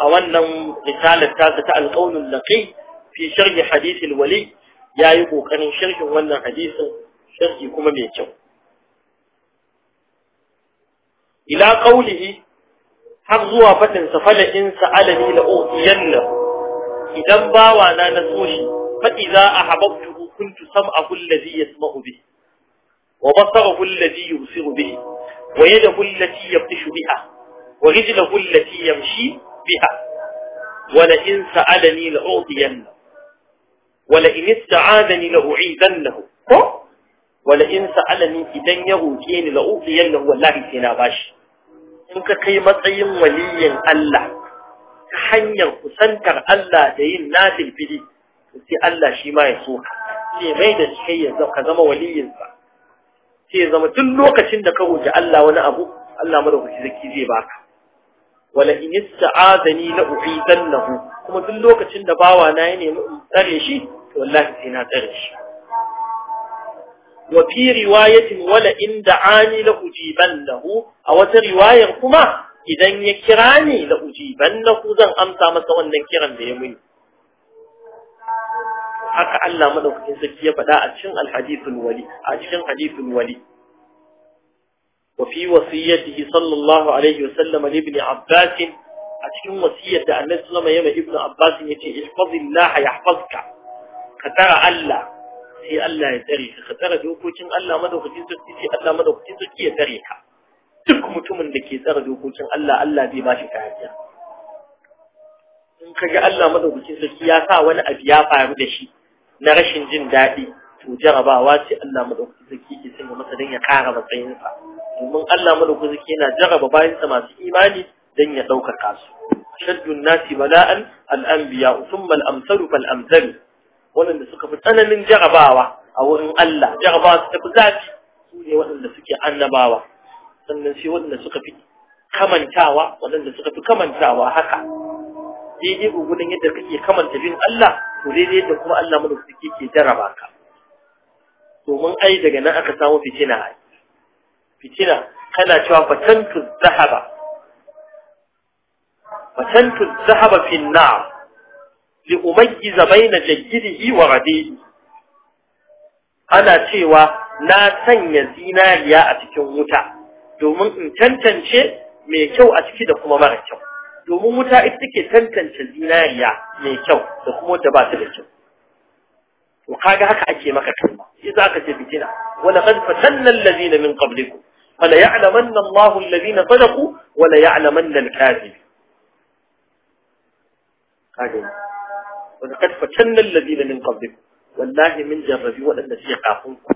a wannan risalar tasa ta alqaulul laqi fi sharh hadith al wali yayi kokarin sharhin wannan hadisin sharhi kuma mai kyau ila qawlihi har zuwa fadin sa fala in sa'alani la uqiyanna idan bawa na na so shi fa idza ahabbtu kuntu sam'ahu wa ويده التي يبطش بها ورجله التي يمشي بها ولئن سألني لأعطينه ولئن استعاذني لأعيذنه ولئن سألني إذن يغوتين لأعطينه والله سيناباش سنك كيمة عين ولي الله حنيل كسنكر الله دين نادل بلي سي الله شما يسوح سي ميدا شكي يزوك زم ولي الله sai zama duk lokacin da ka roƙi Allah wani abu Allah madaukaki zaki zai baka wala in ista'azani la u'idannahu kuma duk lokacin da bawa na ya nemi in tsare shi to wallahi sai na tsare shi wa fi riwayatin wala in da'ani la ujibannahu a wata riwayar kuma idan ya kira ni la ujibannahu zan amsa masa wannan kiran da ya muni haka Allah madaukakin sarki ya faɗa a cikin alhadithul wali a cikin hadithul wali wa fi wasiyatihi sallallahu alaihi wa sallam ibn Abbas a cikin wasiyar da Annabi sallallahu alaihi wa sallam ibn Abbas yace ihfazillah yahfazka ka tara Allah sai Allah ya tsare ka ka tsara dokokin Allah madaukakin sarki sai Allah madaukakin sarki ya tsare ka duk mutumin da ke tsara dokokin Allah Allah zai bashi shi kariya in ka ga Allah madaukakin sarki ya sa wani abu ya faru da shi na rashin jin daɗi to jarabawa ce Allah madaukakin sarki ke sanya masa dan ya ƙara matsayinsa domin Allah madaukakin sarki yana jaraba bayansa masu imani dan ya ɗaukaka su shaddun nasi bala'an al'ambiya, anbiya thumma al fal amsalu suka fi tsananin jarabawa a wurin Allah jarabawa su tafi zafi su ne waɗanda suke annabawa sannan sai waɗanda suka fi kamantawa waɗanda suka fi kamantawa haka daidai gurgudun yadda kake kamanta bin Allah to daidai da kuma Allah mun suke ke jaraba ka domin ai daga nan aka samu fitina fitina kana cewa fatantu zahaba fatantu zahaba fi nar li umayyiza baina jaddihi wa ghadihi ana cewa na sanya zinariya a cikin wuta domin in tantance mai kyau a ciki da kuma mara kyau domin wuta ita take tantance zinariya mai kyau da kuma wadda ba ta da kyau to kaga haka ake maka kalma shi za ce bijina wala qad fatanna allazina min qablikum fala ya'lamanna Allahu allazina sadaqu wala ya'lamanna al-kadhib kaga wala qad fatanna allazina min qablikum wallahi min jarrabi wadanda suke kafin ku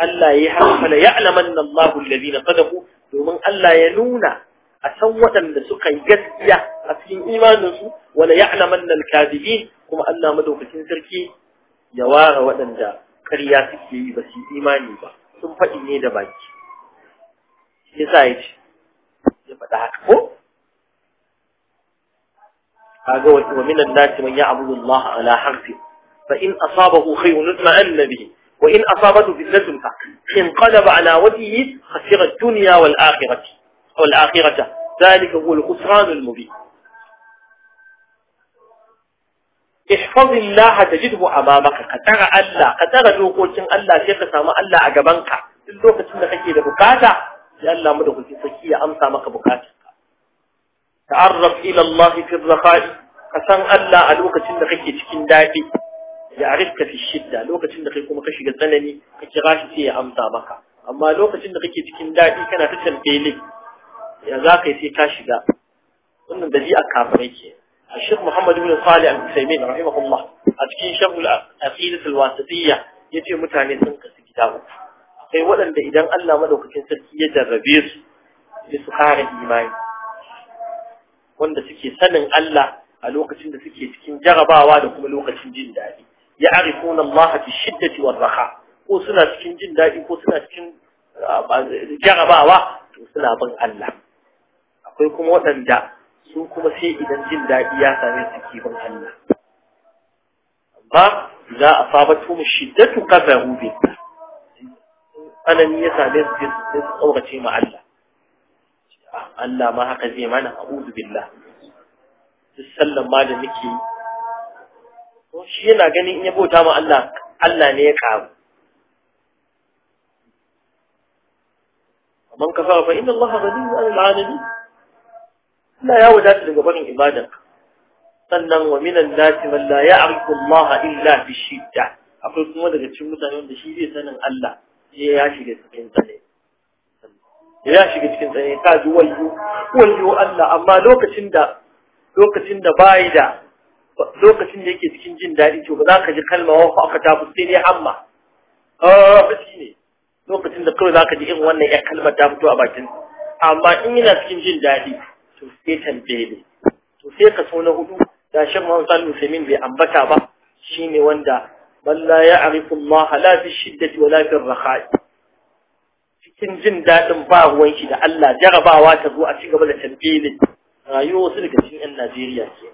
Allah ya haka fa la ya'lamanna Allahu alladhina sadaqu domin Allah ya nuna a san waɗanda suka yi gaskiya a cikin imaninsu wala ya'laman nan kadibin kuma Allah madaukakin sarki ya ware waɗanda ƙarya suke yi ba su imani ba sun faɗi ne da baki yasa ya ce ya faɗa haka ko kaga wa minan nasi man ya'budu Allah ala harfi fa in asabahu khayrun itma'anna bihi وإن أصابته فتنة فانقلب على وجهه خسر الدنيا والآخرة والآخرة ذلك هو الخسران المبين احفظ الله تجده أمامك قد ترى الله قد ترى دوقوت الله شيخ سامة الله أقبانك الدوقة تنخيه لبكاتا لأن الله مدخل في سكية أمسى مكبكاتا تعرف إلى الله في الرخاء قسم الله الوقة تنخيه تكين دائي يعرفك في الشدة الوقة تنخيه مكشي قزنني كتغاش تيه أمسى مكا أما الوقة تنخيه تكين دائي كان فتن بيلي ya za ka yi sai ka shiga wannan da ji a kafin yake a shirin muhammad ibn sali al usaimi na rahimahullah a cikin shahul aqidat al ya yace mutane sun kasu gida akwai waɗanda idan allah maɗaukacin sarki ya jarrabe su sai su kare imani wanda suke sanin allah a lokacin da suke cikin jarabawa da kuma lokacin jin daɗi ya arifuna allah fi shiddati wa raha ko suna cikin jin daɗi ko suna cikin ah, jarabawa to suna bin allah akwai kuma waɗanda su kuma sai idan jin daɗi ya same su ke bin Allah ba za a fabatu mu shiddatu kafaru bi anani ya same su sai su tsaurace ma Allah Allah ma haka zai mana a'udhu billah duk sallan ma da nake yi. shi yana ganin in ya bauta ma Allah Allah ne ya karu man kafara fa inna Allah ghaniyyu 'anil 'alamin Allah ya wadata daga barin ibadar sannan wa minan nasi man la ya'rifu Allah illa bi shidda akwai kuma daga cikin mutane wanda shi zai sanin Allah sai ya shiga cikin tsane ya shiga cikin tsane ka ji wayyo wayyo Allah amma lokacin da lokacin da bai da lokacin da yake cikin jin daɗi to ba za ka ji kalma wa aka tafi sai dai amma ah fuski ne lokacin da kawai za ka ji irin wannan ya kalmar ta fito a bakin amma in yana cikin jin daɗi to sai ne, to sai kaso na hudu da shan mawzal musulmin bai ambata ba shine wanda balla ya arifu Allah la fi shiddati wala la cikin jin daɗin ba ruwan shi da Allah jarabawa ta zo a ci gaba da tambele rayuwar su daga cikin yan Najeriya ke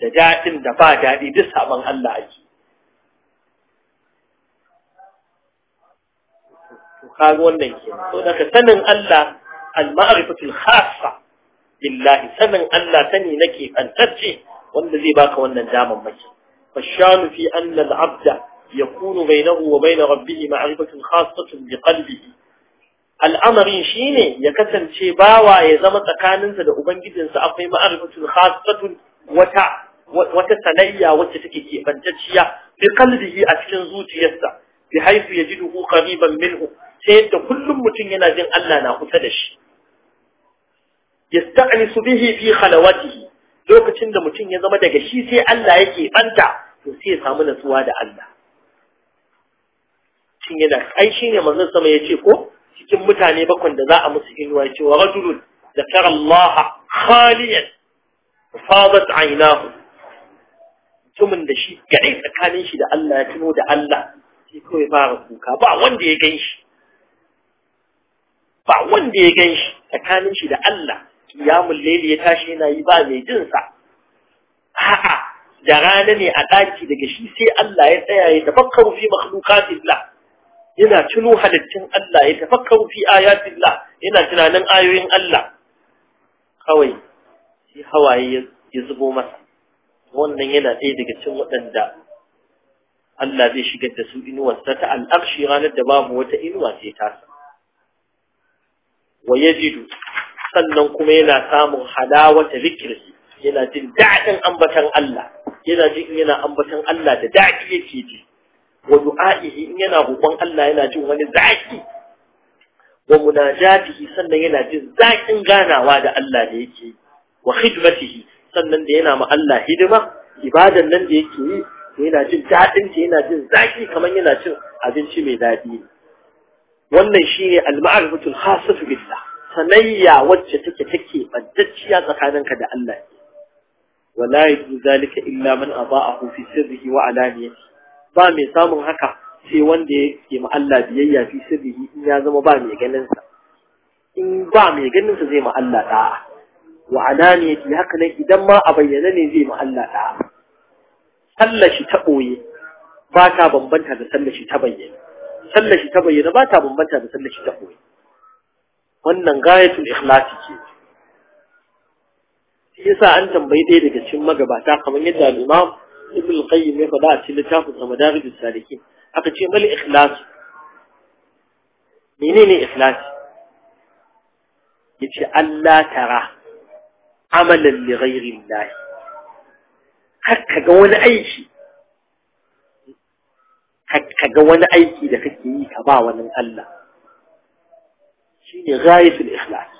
da dadin da ba dadi duk sabon Allah ake kaga wannan ke so daga sanin Allah al-ma'rifatul khassa billahi sanin Allah sani nake kantacce wanda zai baka wannan daman maki fashanu fi anna al-abda yakunu bainahu wa bain rabbih ma'rifatun khassatun bi qalbihi al'amari shine ya kasance bawa ya zama tsakaninsa da ubangijinsa akwai ma'rifatun khassatun wata wata sanayya wacce take kebantacciya bi qalbihi a cikin zuciyarsa bi ji yajiduhu qariban minhu Sai yadda kullum mutum yana jin Allah na kusa da shi su bihi fi halawati lokacin da mutum ya zama daga shi sai Allah yake banta to sai ya samu natsuwa da Allah Cin yana ai ne manzon sama ya ce ko cikin mutane bakon da za a musu inuwa ce wa rajulun tara Allah خاليا fadat عيناه mutumin da shi gaɗai tsakanin shi da Allah ya tuno da Allah sai kawai fara kuka ba wanda ya gan shi ba wanda ya gan shi tsakanin shi da Allah kiyamul laili ya tashi yana yi ba mai jin sa a'a da rana ne a daki daga shi sai Allah ya tsaya ya tafakkaru fi makhluqatillah yana tuno halittun Allah ya tafakkaru fi ayatillah yana tunanin ayoyin Allah kawai sai hawaye ya zubo masa wannan yana ɗaya daga cikin waɗanda Allah zai shigar da su inuwarsa ta al'arshi ranar da babu wata inuwa sai tasa wa yajidu sannan kuma yana samun ta zikirsi yana jin daɗin ambatan Allah yana jin yana ambatan Allah da daɗi yake ji wa du'a'ihi in yana hukun Allah yana jin wani zaki wa munajatihi sannan yana jin zakin ganawa da Allah da yake wa khidmatihi sannan da yana ma Allah hidima ibadan nan da yake yi yana jin daɗin yana jin zaki kamar yana cin abinci mai daɗi wannan shine al-ma'rifatul khassatu billah sanayya wacce take take bantacciya tsakaninka da Allah wala yajuzu zalika illa man adaahu fi sirrihi wa alaniyati ba mai samun haka sai wanda yake ma Allah biyayya fi sirrihi in ya zama ba mai ganin sa in ba mai ganin sa zai ma Allah da'a wa alaniyati haka ne idan ma a bayyana ne zai ma Allah da'a sallar shi ta ɓoye, ba ta bambanta da sallar shi ta bayyana sallar shi ta bayyana ba ta bambanta da sallar ta koyi wannan gayatul ikhlasi ce shi yasa an tambayi ɗaya daga cikin magabata kamar yadda al-imam ibn al-qayyim ya faɗa a cikin littafin sa madarijus salikin aka ce mal ikhlas menene ikhlas yace Allah tara amalan li ghayri Allah har kaga wani aiki ka ga wani aiki da kake yi ka ba wani Allah shine ne ikhlas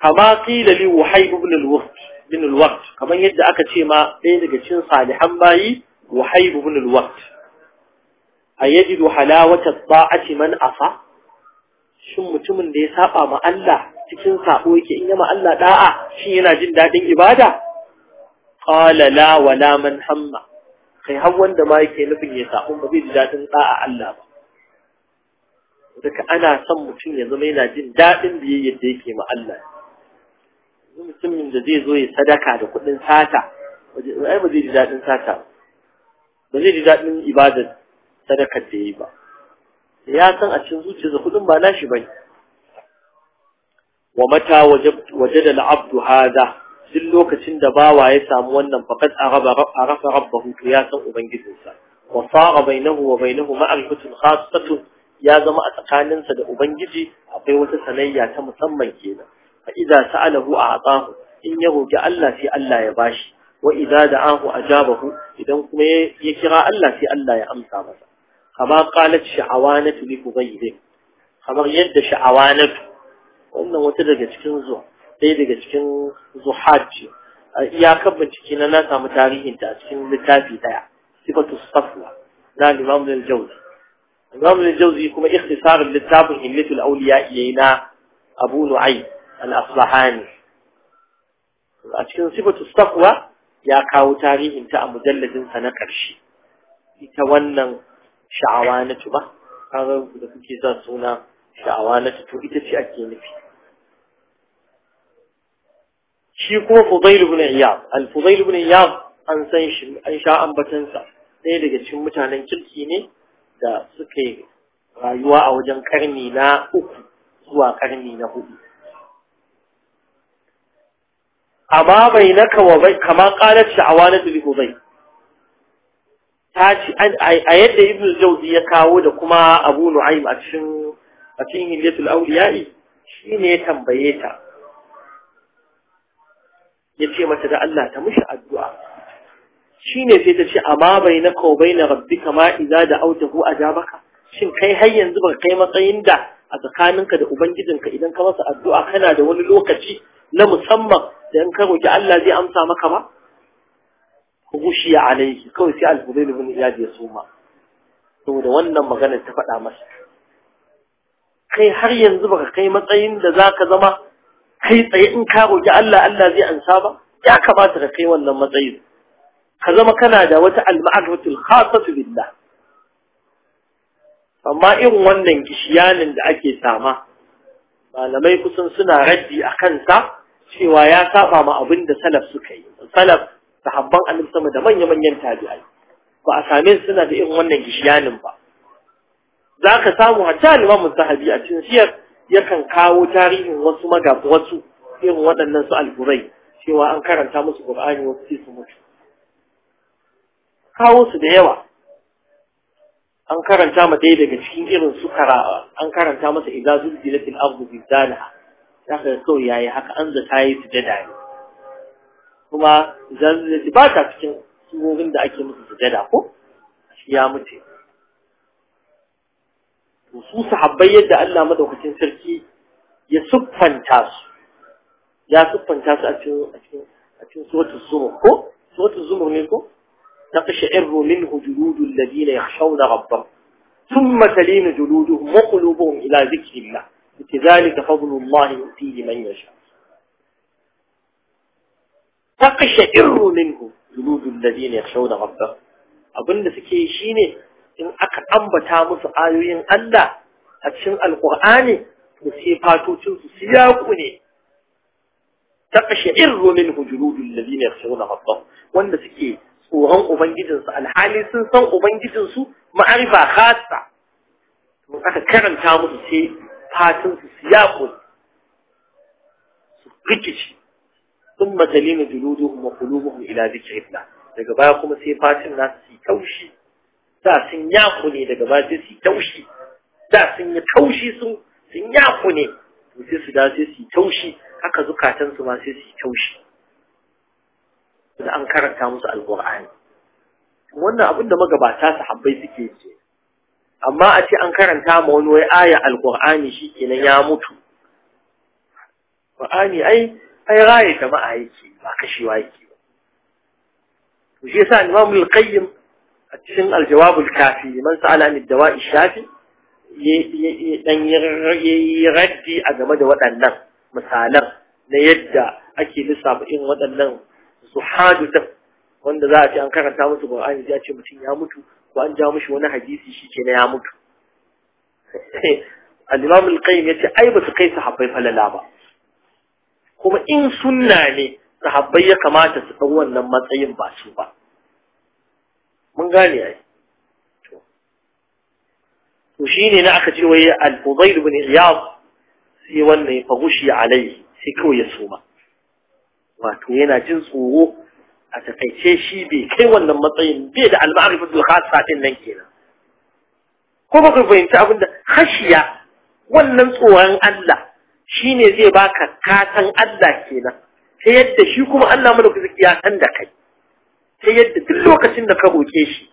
kama qila li wahib ibn al-waqt ibn al-waqt kaman yadda aka ce ma ɗaya daga cikin salihan bayi wahib ibn al-waqt ayajidu halawata ta'ati man afa shin mutumin da ya saba ma Allah cikin sabo yake in yi ma Allah da'a shi yana jin daɗin ibada qala la wa la man hamma kai har wanda ma yake nufin ya sabu ba zai ji dadin da'a Allah ba duka ana son mutum ya zama yana jin dadin biyayyar da yake ma Allah mutumin da zai zo ya sadaka da kuɗin sata ai ba zai ji dadin sata ba zai ji dadin ibadar sadakar da yayi ba ya san a cikin zuciyarsa kuɗin ba nashi bane wa mata wajada al-abdu hadha duk lokacin da bawa ya samu wannan faqad araba arafa rabbahu ya san ubangijinsa wa sara bainahu wa bainahu ma'rifatun khassatun ya zama a tsakaninsa da ubangiji akwai wata sanayya ta musamman kenan fa idza sa'alahu a'tahu in ya roki Allah sai Allah ya bashi wa idza da'ahu ajabahu idan kuma ya kira Allah sai Allah ya amsa masa kama qalat sha'awanatu li kubayyin kamar yadda sha'awanatu wannan wata daga cikin zuwa ɗaya daga cikin zuhad ce iyakar bincike na na samu tarihin a cikin littafi ɗaya sifatu safwa na limam da jauzi limam da jauzi kuma ikhtisarin littafin illatul auliya yayi na abu nu'ay al a cikin sifatu safwa ya kawo tarihinta a mujalladin sa na ƙarshe ita wannan sha'awa na tuba kaga da kuke son suna sha'awa na to ita ce ake nufi shi kuma Fudail ibn Iyad al-Fudail ibn Iyad an san shi an sha ambatan sa ɗaya daga cikin mutanen kirki ne da suke rayuwa a wajen karni na uku zuwa karni na hudu amma bai na bai kama ƙalar sha'awa na bai ta ce a yadda ibn jauzi ya kawo da kuma abu nu'aim a cikin a cikin auliyai shine ya tambaye ta ya ce mata da Allah ta mushi addu'a Shi ne sai ta ce amma bai na kobai na rabbi kama iza da autahu a jabaka shin kai har yanzu ba kai matsayin da a tsakaninka da ubangijinka idan ka masa addu'a kana da wani lokaci na musamman da in ka roki Allah zai amsa maka ba ya alaiki, kawai sai al-hulayl ibn iyad ya suma saboda wannan magana ta faɗa masa kai har yanzu baka kai matsayin da zaka zama kai tsaye in ka roki Allah Allah zai ansa ba ya kamata ka kai wannan matsayin ka zama kana da wata al-ma'rifatul khassatu billah amma irin wannan kishiyanin da ake sama malamai kusan suna raddi akan ta cewa ya saba ma abin da salaf suka yi salaf sahabban annabi sama da manya-manyan tabi'ai ba a same su suna da irin wannan kishiyanin ba zaka samu hatta limamin sahabi a cikin siyar yakan kawo tarihin wasu magab wasu irin waɗannan su alburai cewa an karanta musu qur'ani wasu sai su mutu kawo su da yawa an karanta ma ɗaya daga cikin irin su kara an karanta masa idza zulzilatil ardu zilzalaha zaka kawai yayi haka an zata yi su da ne kuma zalzalati ba ta cikin surorin da ake musu sujada ko ya mutu su sahabbai yadda Allah madaukakin sarki ya siffanta su ya siffanta su a cikin a cikin suratul zumur ko suratul zumur ne ko تقشعر منه جلود الذين يخشون ربهم ثم تلين جلودهم وقلوبهم إلى ذكر الله ذلك فضل الله يؤتيه من يشاء تقشعر منه جلود الذين يخشون ربهم أظن سكي in aka ambata musu ayoyin Allah a cikin alkur'ani to sai fatocin su siyaku ne irro min hujurudil ladina yakhshawna rabbahum wanda suke tsoron su alhali sun san su ma'arifa khassa to aka karanta musu sai fatin su siyaku su rikici ثم تلين جلودهم وقلوبهم إلى ذكر الله daga baya kuma sai fatin nasu su da sun ne daga ba sai su taushi da sun yi taushi sun yaku ne. to sai su da sai su taushi haka zukatan su ma sai su taushi da an karanta musu alqur'ani wannan abin da magabata habbai suke ce amma a ce an karanta ma wani wai aya alqur'ani shikenan ya mutu qur'ani ai ai raye jama'a yake ba kashewa yake ba to shi yasa Imam qayyim a cikin aljawabul kafi man sa'ala min dawa'i shafi dan yi raddi a game da waɗannan misalan na yadda ake lissafa irin waɗannan zuhadu din wanda za a ce an karanta musu Qur'ani ya ce mutum ya mutu ko an ja mushi wani hadisi shi ke na ya mutu [LAUGHS] al-Imam al-Qayyim yace ai ba su kai sahabbai falala ba kuma in sunna ne sahabbai ya kamata su dau wannan matsayin ba su ba قال يعني وشيني نعكتي وهي الفضيل بن غياب سيوان يفغشي عليه سيكو يسوما واتوينا جنسوه أتفيتي شي بي كيوان لما طيب بيد المعرفة الخاصة ساتين لنكينا كما قلت فهمت أقول لك خشية ونمسوها عن الله شيني زيباك كاتن الله كينا كيدا شيكم أنا ملوك زكيا عندك كي. sai yadda duk lokacin da ka roƙe shi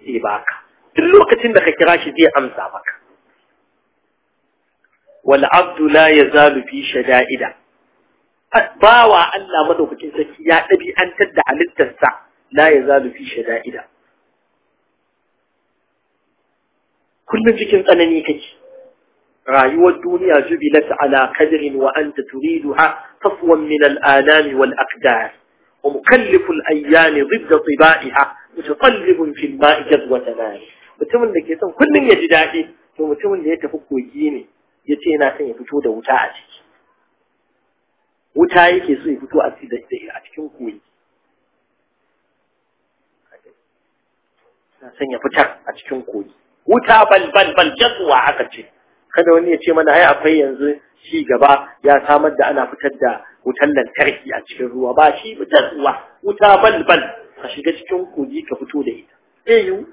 zai baka duk lokacin da ka kira shi zai amsa maka wal abdu la yazalu fi shada'ida bawa Allah madaukakin sarki ya ɗabi'antar da halittarsa la yazalu fi shada'ida kullum cikin tsanani kake rayuwar duniya jubilat ala qadrin wa anta turiduha tafwan min al-anami wal aqdar ومكلف الأيام ضد طبائها متطلب في الماء mutumin da ke son kullum ya ji daɗi to mutumin da ya tafi kogi ne ya ce yana son ya fito da wuta a ciki wuta yake so ya fito a cikin kogi na son ya fitar a cikin kogi wuta balbal bal jazwa aka ce kada wani ya ce mana ai akwai yanzu shi gaba ya samar da ana fitar da wutar lantarki a cikin ruwa ba shi fitar ruwa wuta balbal ka shiga cikin kogi ka fito da ita zai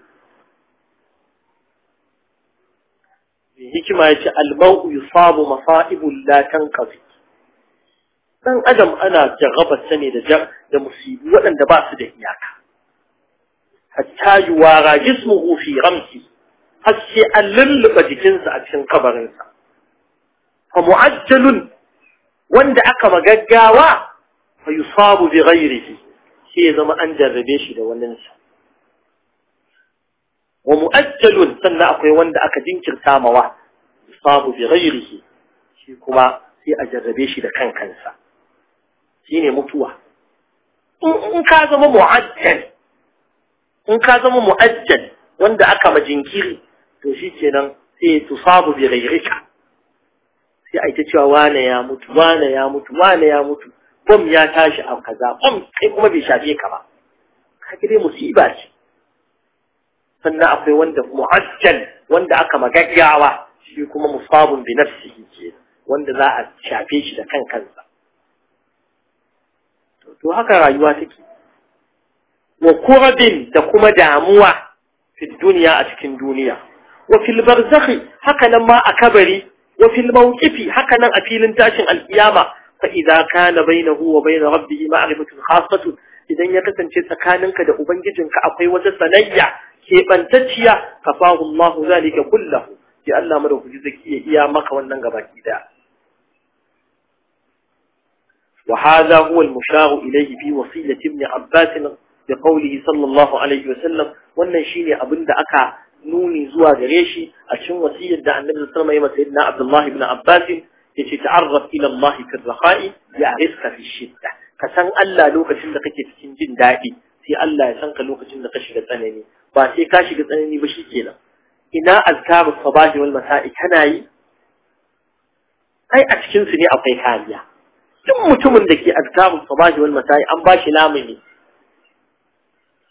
bi hikima ya ce almau yusabu masa'ibul la tanqazi dan adam ana jarrabar sa ne da da musibi waɗanda ba su da iyaka hatta yuwara jismuhu fi ramsi haske sai an lulluɓa jikinsa a cikin kabarinsa fa mu'ajjalun wanda aka magaggawa fa yusabu bi ghairihi shi ya zama an jarrabe shi da wannan sa wa mu'ajjalun sannan akwai wanda aka jinkirta mawa yusabu bi ghairihi shi kuma sai a jarrabe shi da kankansa shine mutuwa in ka zama mu'ajjal in ka zama mu'ajjal wanda aka majinkiri to shi kenan sai sabu bi ghayrika sai ai ta cewa wane ya mutu wane ya mutu wane ya mutu bom ya tashi a kaza bom kai kuma bai shafe ka ba kage dai musiba ce sannan akwai wanda mu'ajjal wanda aka magaggawa shi kuma musabun bi nafsihi ke wanda za a shafe shi da kan kansa to haka rayuwa take wa kurabin da kuma damuwa fi duniya a cikin duniya وفي البرزخ حقا لما أكبري وفي الموقف حقا أفيل تاشع الإيامة فإذا كان بينه وبين ربه معرفة خاصة إذا إذن يقسم تتكاننك دعوبان جدنك أقوي وزسنية كيف أن تتيا كفاه الله ذلك كله لألا مره جزكي إيامك والنقب كدا وهذا هو المشاغ إليه في وصيلة ابن عباس بقوله صلى الله عليه وسلم والنشين أبند أكا nuni zuwa gare shi a cikin wasiyar da annabi sallallahu alaihi wasallam ya Abdullah ibn Abbas yace ta'arraf ila Allah fi rakhai ya'rifka fi shidda ka san Allah lokacin da kake cikin jin daɗi sai Allah ya san ka lokacin da ka shiga tsanani ba sai ka shiga tsanani ba shikenan ina azkaru sabahi wal masa'i kana yi ai a cikin su ne akwai kariya duk mutumin da ke azkaru sabahi wal masa'i an ba shi lamuni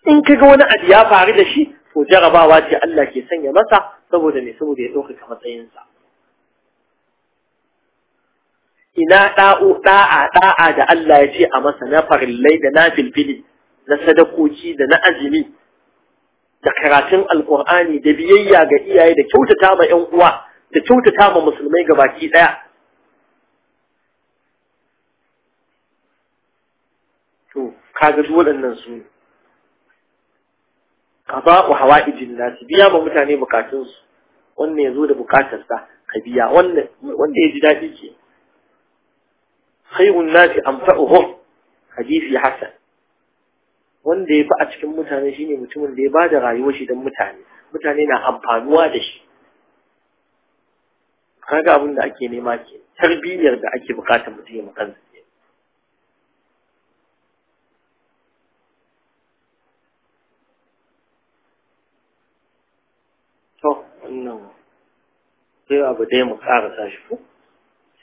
in kaga wani abu ya faru da shi Ko jarabawa ce Allah ke sanya masa saboda ne saboda ya ɗaukaka matsayinsa ina ɗa'u ɗa'a ɗa'a da Allah ya ce a masa na farillai da na filfili na sadakoki da na azumi da karatun Alƙur'ani, da biyayya ga iyaye da kyautata ma 'yan uwa da kyautata ma musulmai ga baki ɗaya to kaga waɗannan su kafa wa hawaijin nasu biya ma mutane bukatun su wannan yazo da bukatar sa ka biya wannan wanda ya ji daɗi ke khayrun nasi anfa'uhum hadisi hasan wanda ya fi a cikin mutane shine mutumin da ya bada rayuwar shi dan mutane mutane na amfanuwa da shi kaga abin da ake nema ke tarbiyyar da ake bukatar mutum ya makansa wannan sai abu dai mu karasa shi ko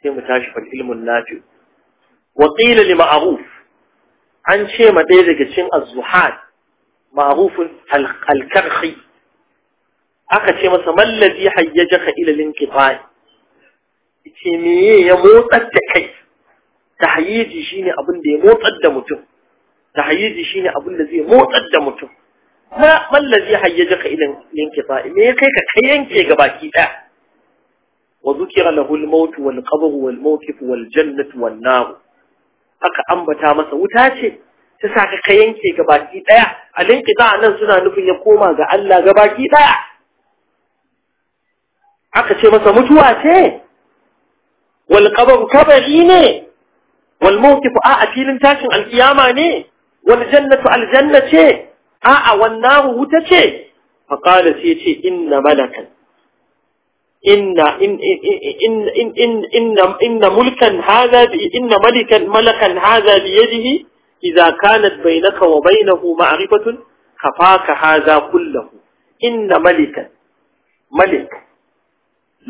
sai mu tashi fal ilmun nafi wa qila li ma'ruf an ce ma ɗaya daga cikin az-zuhad ma'rufun al-karhi aka ce masa mallazi hayyajaka ila linqifai ce meye ya motsar da kai tahyiji shine abin da ya motsar da mutum tahyiji shine abin da zai motsar da mutum ma mallazi hayyajaka ilin linkifa me kai ka kai yanke ga baki daya wa zukira lahu al-maut wal qabr wal mawqif wal wal nar aka ambata masa wuta ce ta saka ka yanke ga baki daya a linkifa nan suna nufin ya koma ga Allah ga baki daya aka ce masa mutuwa ce wal qabr kabari ne wal mawqif a filin tashin alkiyama ne wal jannatu aljanna ce a'a wannan wuta ce fa kala sai ce inna malakan inna in in in inna mulkan haza bi inna malikan malakan haza bi yadihi idza kanat bainaka wa bainahu ma'rifatun kafaka haza kullahu inna malikan malik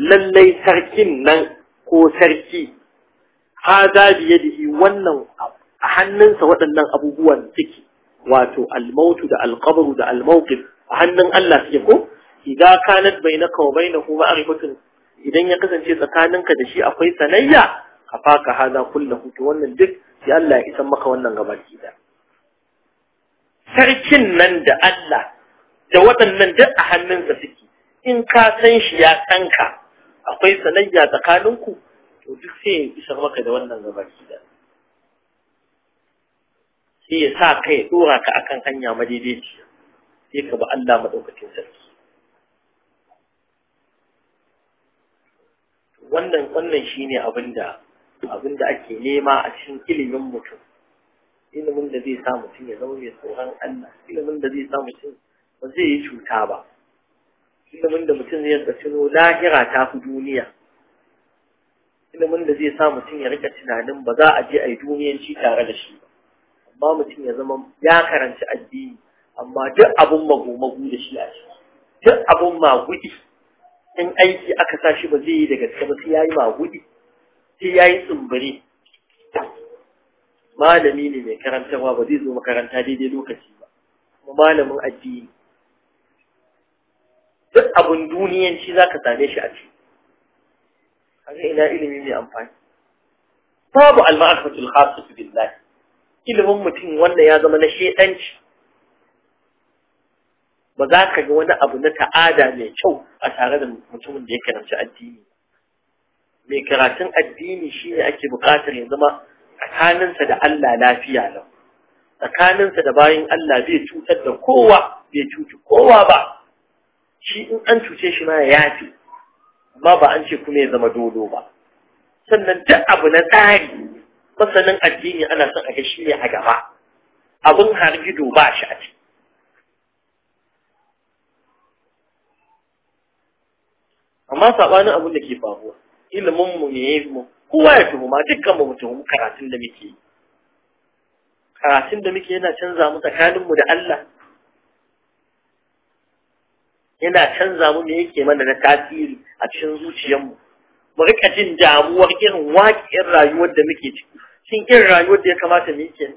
lallai sarkin nan ko sarki haza bi yadihi wannan a hannunsa waɗannan abubuwan ciki wato almautu da alqabru da almawqif a hannun Allah suke ko idan kanat bainaka wa kuma ma'rifatun idan ya kasance tsakaninka da shi akwai sanayya ka faka hada kulla to wannan duk sai Allah ya isan maka wannan gabaki da sarkin nan da Allah da waɗannan duk a hannunsa suke in ka san shi ya san ka akwai sanayya tsakaninku to duk sai ya isa maka da wannan gabaki da sai ya sa kai dora ka akan hanya madaidaici sai ka ba Allah madaukakin sarki wannan wannan shine abinda abinda ake nema a cikin ilimin mutum ilimin da zai sa mutum ya zama mai tsoron Allah ilimin da zai sa mutum ba zai yi cuta ba ilimin da mutum zai rika tuno lahira ta fi duniya ilimin da zai sa mutum ya rika tunanin ba za a je a yi duniyanci tare da shi ba. ba mutum ya zama ya karanci addini amma duk abun magu-magu da shi a ciki duk abun magudi in aiki aka sa shi ba zai yi da gaske ba sai ya yi magudi sai ya yi tsumbure malami ne mai karantarwa ba zai zo makaranta daidai lokaci ba kuma malamin addini duk abun duniyanci ka same shi a ciki kaga ina ilimi mai amfani babu al-ma'rifatul khassa ilimin mutum wanda ya zama na shedanci ba za ka ga wani abu na ta'ada mai kyau a tare da mutumin da ya karanci addini mai karatun addini shi ne ake bukatar ya zama tsakaninsa da Allah lafiya lau tsakaninsa da bayan Allah bai cutar da kowa bai cuci kowa ba shi in an cuce shi ma ya yafi amma ba an ce kuma ya zama dodo ba sannan duk abu na tsari masanin addini ana son a ga shi ne a gaba abin hargido ba shi a ciki amma sabanin abin da ke faruwa ilimin mu ne mu kowa ya ma dukkan mu mutum karatun da muke karatun da muke yana canza mu tsakanin mu da Allah yana canza mu me yake mana na tasiri a cikin zuciyarmu mu rika jin damuwar irin irin rayuwar da muke ciki shin irin rayuwar da ya kamata mu yi kenan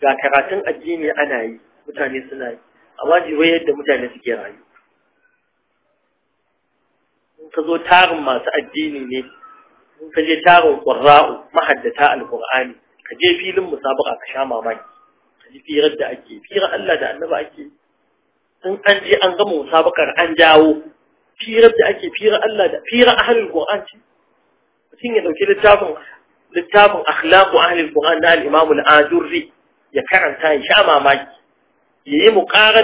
ga karatun addini ana yi mutane suna yi amma jiwai yadda mutane suke rayu in ka zo tarin masu addini ne in ka je tarin ƙwarra'u mahaddata alƙur'ani ka je filin musabaka ka sha mamaki ka ji firar da ake firar Allah da annaba ake in an je an gama musabakar an jawo firar da ake firar Allah da firar ahalul Qur'an ce mutum ya dauki littafin littafin akhlaqu ahli alquran na al-imam al-ajurri ya karanta ya sha mamaki yayi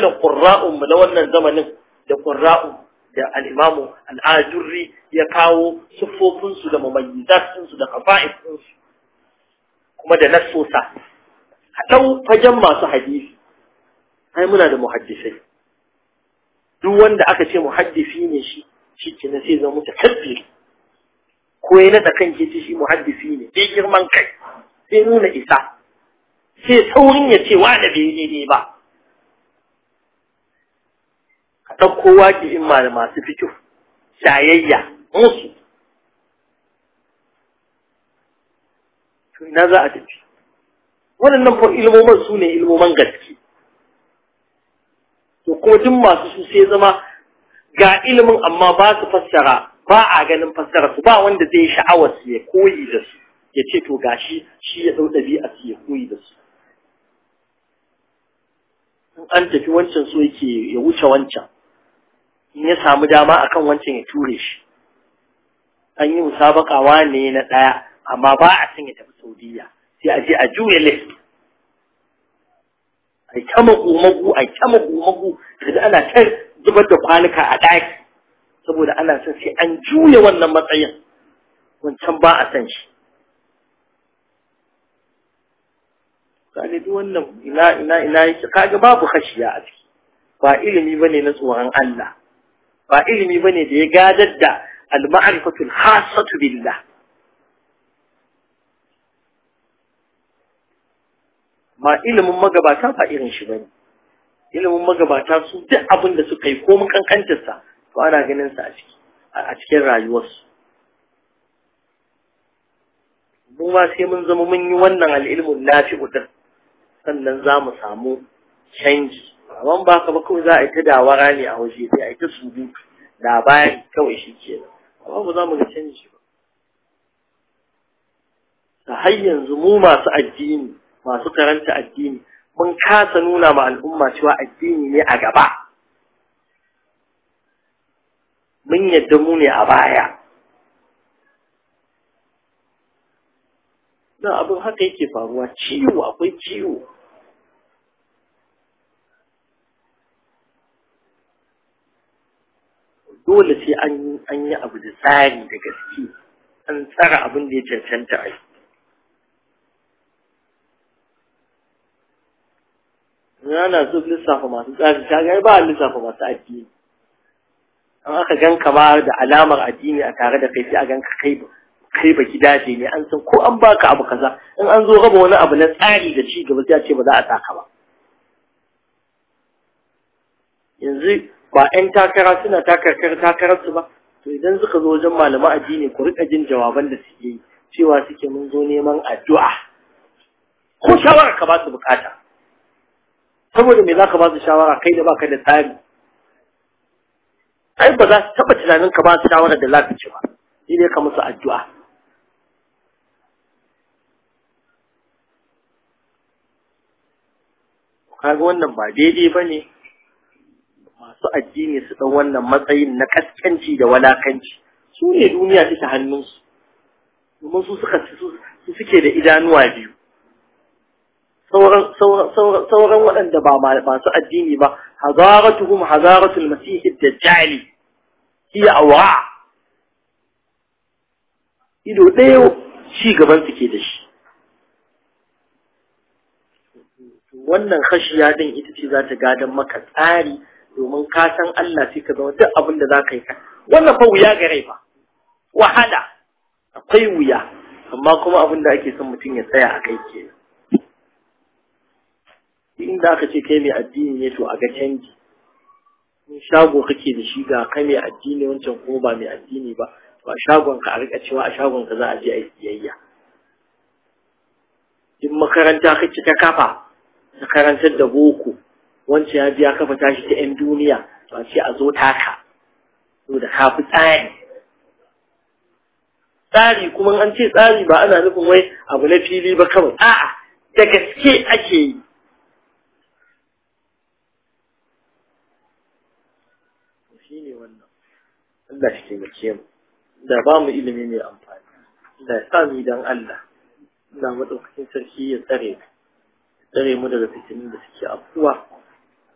da qurra'un na wannan zamanin da qurra'u da al-imam al-ajurri ya kawo sufofin su da mamayyizatun su da qafa'id su kuma da nassosa a dau masu hadisi ai muna da muhaddisai duk wanda aka ce muhaddisi ne shi shi kenan sai zama mutakabbiri ko ya nada kan ke shi muhaddisi ne sai girman kai sai nuna isa sai saurin ya ce wa da bai daidai ba ka ɗauko waƙi in ma da masu fito shayayya musu to ina za a tafi waɗannan fa ilmoman su ne ilmoman gaske to kuma duk masu su sai zama ga ilimin amma ba su fassara ba a ganin fassarar su ba wanda zai sha'awar su ya koyi da su ya ce to gashi shi ya ɗau ɗabi'a su ya koyi da su in an tafi wancan so yake ya wuce wancan in ya samu dama akan wancan ya ture shi an yi musabaƙawa ne na ɗaya amma ba a son ya tafi Saudiyya, sai a je a juya list ai ta magu magu ai ta magu magu ana ta zubar da kwanuka a ɗaki saboda ana son sai an juya wannan matsayin wancan ba a san shi kaga duk wannan ina ina ina yake kaga babu khashiya a ciki ba ilimi bane na tsoron Allah ba ilimi bane da ya gadar da al-ma'rifatu al-khassatu billah ba ilimin magabata ba irin shi bane ilimin magabata su duk abin da suka yi ko mun kankantarsa ko ana ganin sa a ciki a cikin rayuwarsu mu ma sai mun zama mun yi wannan al'ilmun nafi'u din sannan za mu samu canji amma ba ka ba kawai za a yi ta dawara ne a waje sai a yi ta da bayan kawai shi ke amma ba za mu ga canji ba ta har yanzu mu masu addini masu karanta addini mun kasa nuna ma al'umma cewa addini ne a gaba mun yadda mu ne a baya na abin haka yake faruwa ciwo akwai ciwo dole sai an yi abu da tsari da gaske an tsara abin da ya cancanta a yi yana zuwa lissafa masu tsari ta gari ba lissafa masu addini an aka ganka ba da alamar addini a tare da kai sai a ganka kai kai ba gida ne an san ko an baka abu kaza in an zo raba wani abu na tsari da ci gaba sai a ce ba za a saka ba yanzu ba 'yan takara suna takarkar takarar su ba to idan suka zo wajen malaman addini ku rika jin jawaban da suke yi cewa suke mun zo neman addu'a ko shawara ka ba su bukata saboda me za ka ba su shawara kai da baka da tsari ai ba za su taba tunanin ka ba su shawara da lafiya ba shi ne ka musu addu'a kaga wannan ba daidai ba ne masu addini su ɗan wannan matsayin na kaskanci da walakanci su ne duniya ta hannunsu domin su suka su suke da idanuwa biyu sauran waɗanda ba masu addini ba hazaratuhum hazaratul masih الدجال هي أوعى ido ɗaya shi gaban suke da shi wannan khashiya din ita ce za ta gadon maka tsari domin ka san Allah sai ka zama duk abin da za ka yi wannan fa wuya ga rai ba wahala akwai wuya amma kuma abin da ake son mutum ya tsaya a kai kenan inda aka ce kai mai addini ne to a ga canji shago kake da shi ga kai addini wancan ko ba mai addini ba ba shagon ka a rika cewa a shagon ka za a je a yi siyayya in makaranta kake ta kafa ta karantar da boko wancan ya biya kafa tashi ta yan duniya ba sai a zo taka to da kafi tsari tsari kuma an ce tsari ba ana nufin wai abu na fili ba kawai a'a da gaske ake yi Allah shi taimake mu da ba mu ilimi mai amfani da sa mu dan Allah na madaukakin sarki ya tsare mu tsare mu daga fitinin da suke afuwa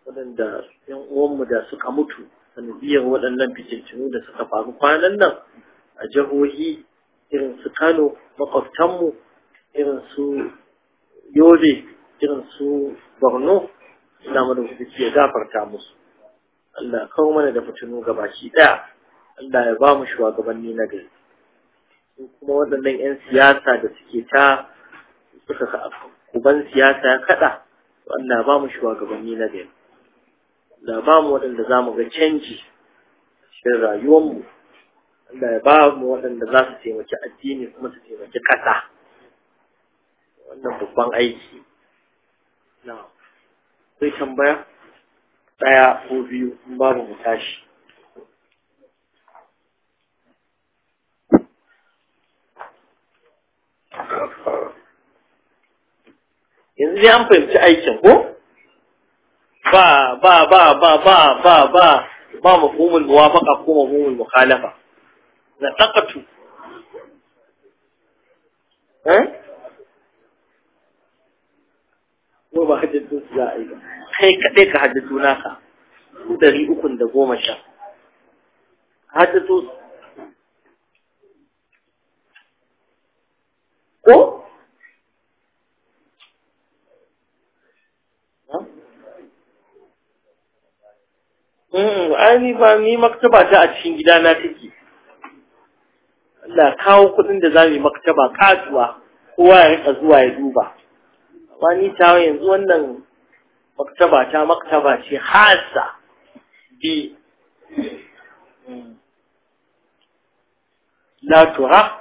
waɗanda yan uwanmu da suka mutu sanadiyar waɗannan fitintinu da suka faru kwanan nan a jihohi irin su Kano makwabtanmu irin su Yobe irin su Borno Allah madaukakin sarki ya gafarta musu Allah kawo mana da fitinu baki ɗaya Allah ya ba mu shugabanni na gari su kuma waɗannan 'yan siyasa da suke ta suka kuban siyasa ya kaɗa Allah ba mu shugabanni na gari da ba mu waɗanda za mu ga canji cikin rayuwarmu Allah ya ba mu waɗanda za su taimaki addini kuma su taimaki ƙasa wannan babban aiki na sai tambaya ɗaya ko biyu in babu mu tashi yanzu dai an fahimci aikin ko ba ba ba ba ba ba ba ba mafhumul muwafaqa ko mafhumul mukhalafa na taqatu eh ko ba hajjatu za a yi ba kai kadai ka hajjatu naka dari ukun da goma sha hajjatu ko Ani ba ni maktaba ta a cikin gidana take. Allah kawo kuɗin da za mu yi maktaba kasuwa kowa ya rika zuwa ya duba. Amma ni ta yanzu wannan maktaba ta maktaba ce hasa bi la tura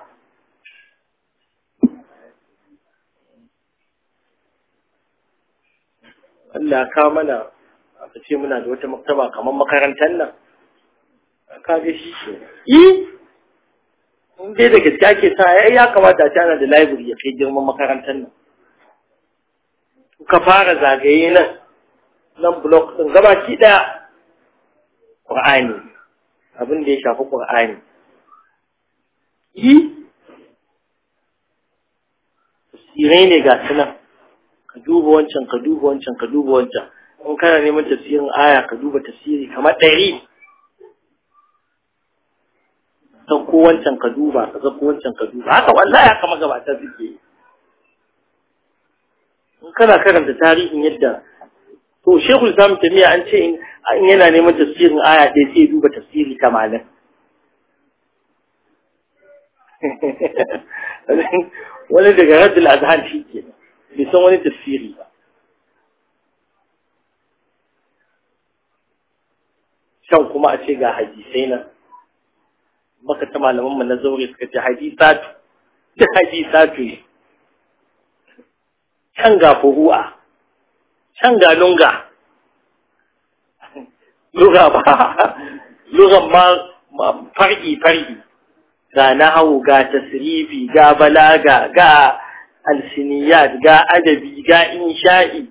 Allah ka mana a ce muna da wata maktaba kamar makarantar nan ka ga shi ke yi in dai da gaske ake sa ya ya kamata ta ana da library ya kai girman makarantar nan ka fara zagaye nan nan blok din ki daya qur'ani abin da ya shafi qur'ani yi tsirai ne ga sunan ka duba wancan ka duba wancan ka duba wancan ko kana neman tafsirin aya ka duba tafsiri kamar ɗari ta kowancan ka duba ka zauko kowancan ka duba haka wallahi haka magabata suke yi in kana karanta tarihin yadda to shehu islam tamiya an ce in yana neman tafsirin aya ɗaya sai duba tafsiri tamanin [LAUGHS] wani daga radul azhan shi ke bai san wani tafsiri ba can kuma a ce ga hadisai nan maka ta malaman mu na zaure suka ce hadisatu ta [LAUGHS] hadisatu ne can ga furu'a can ga lunga [LAUGHS] lura ba [LAUGHS] luran ma farki farki ga nahawu ga tasrifi ga balaga ga alsiniyat ga adabi ga insha'i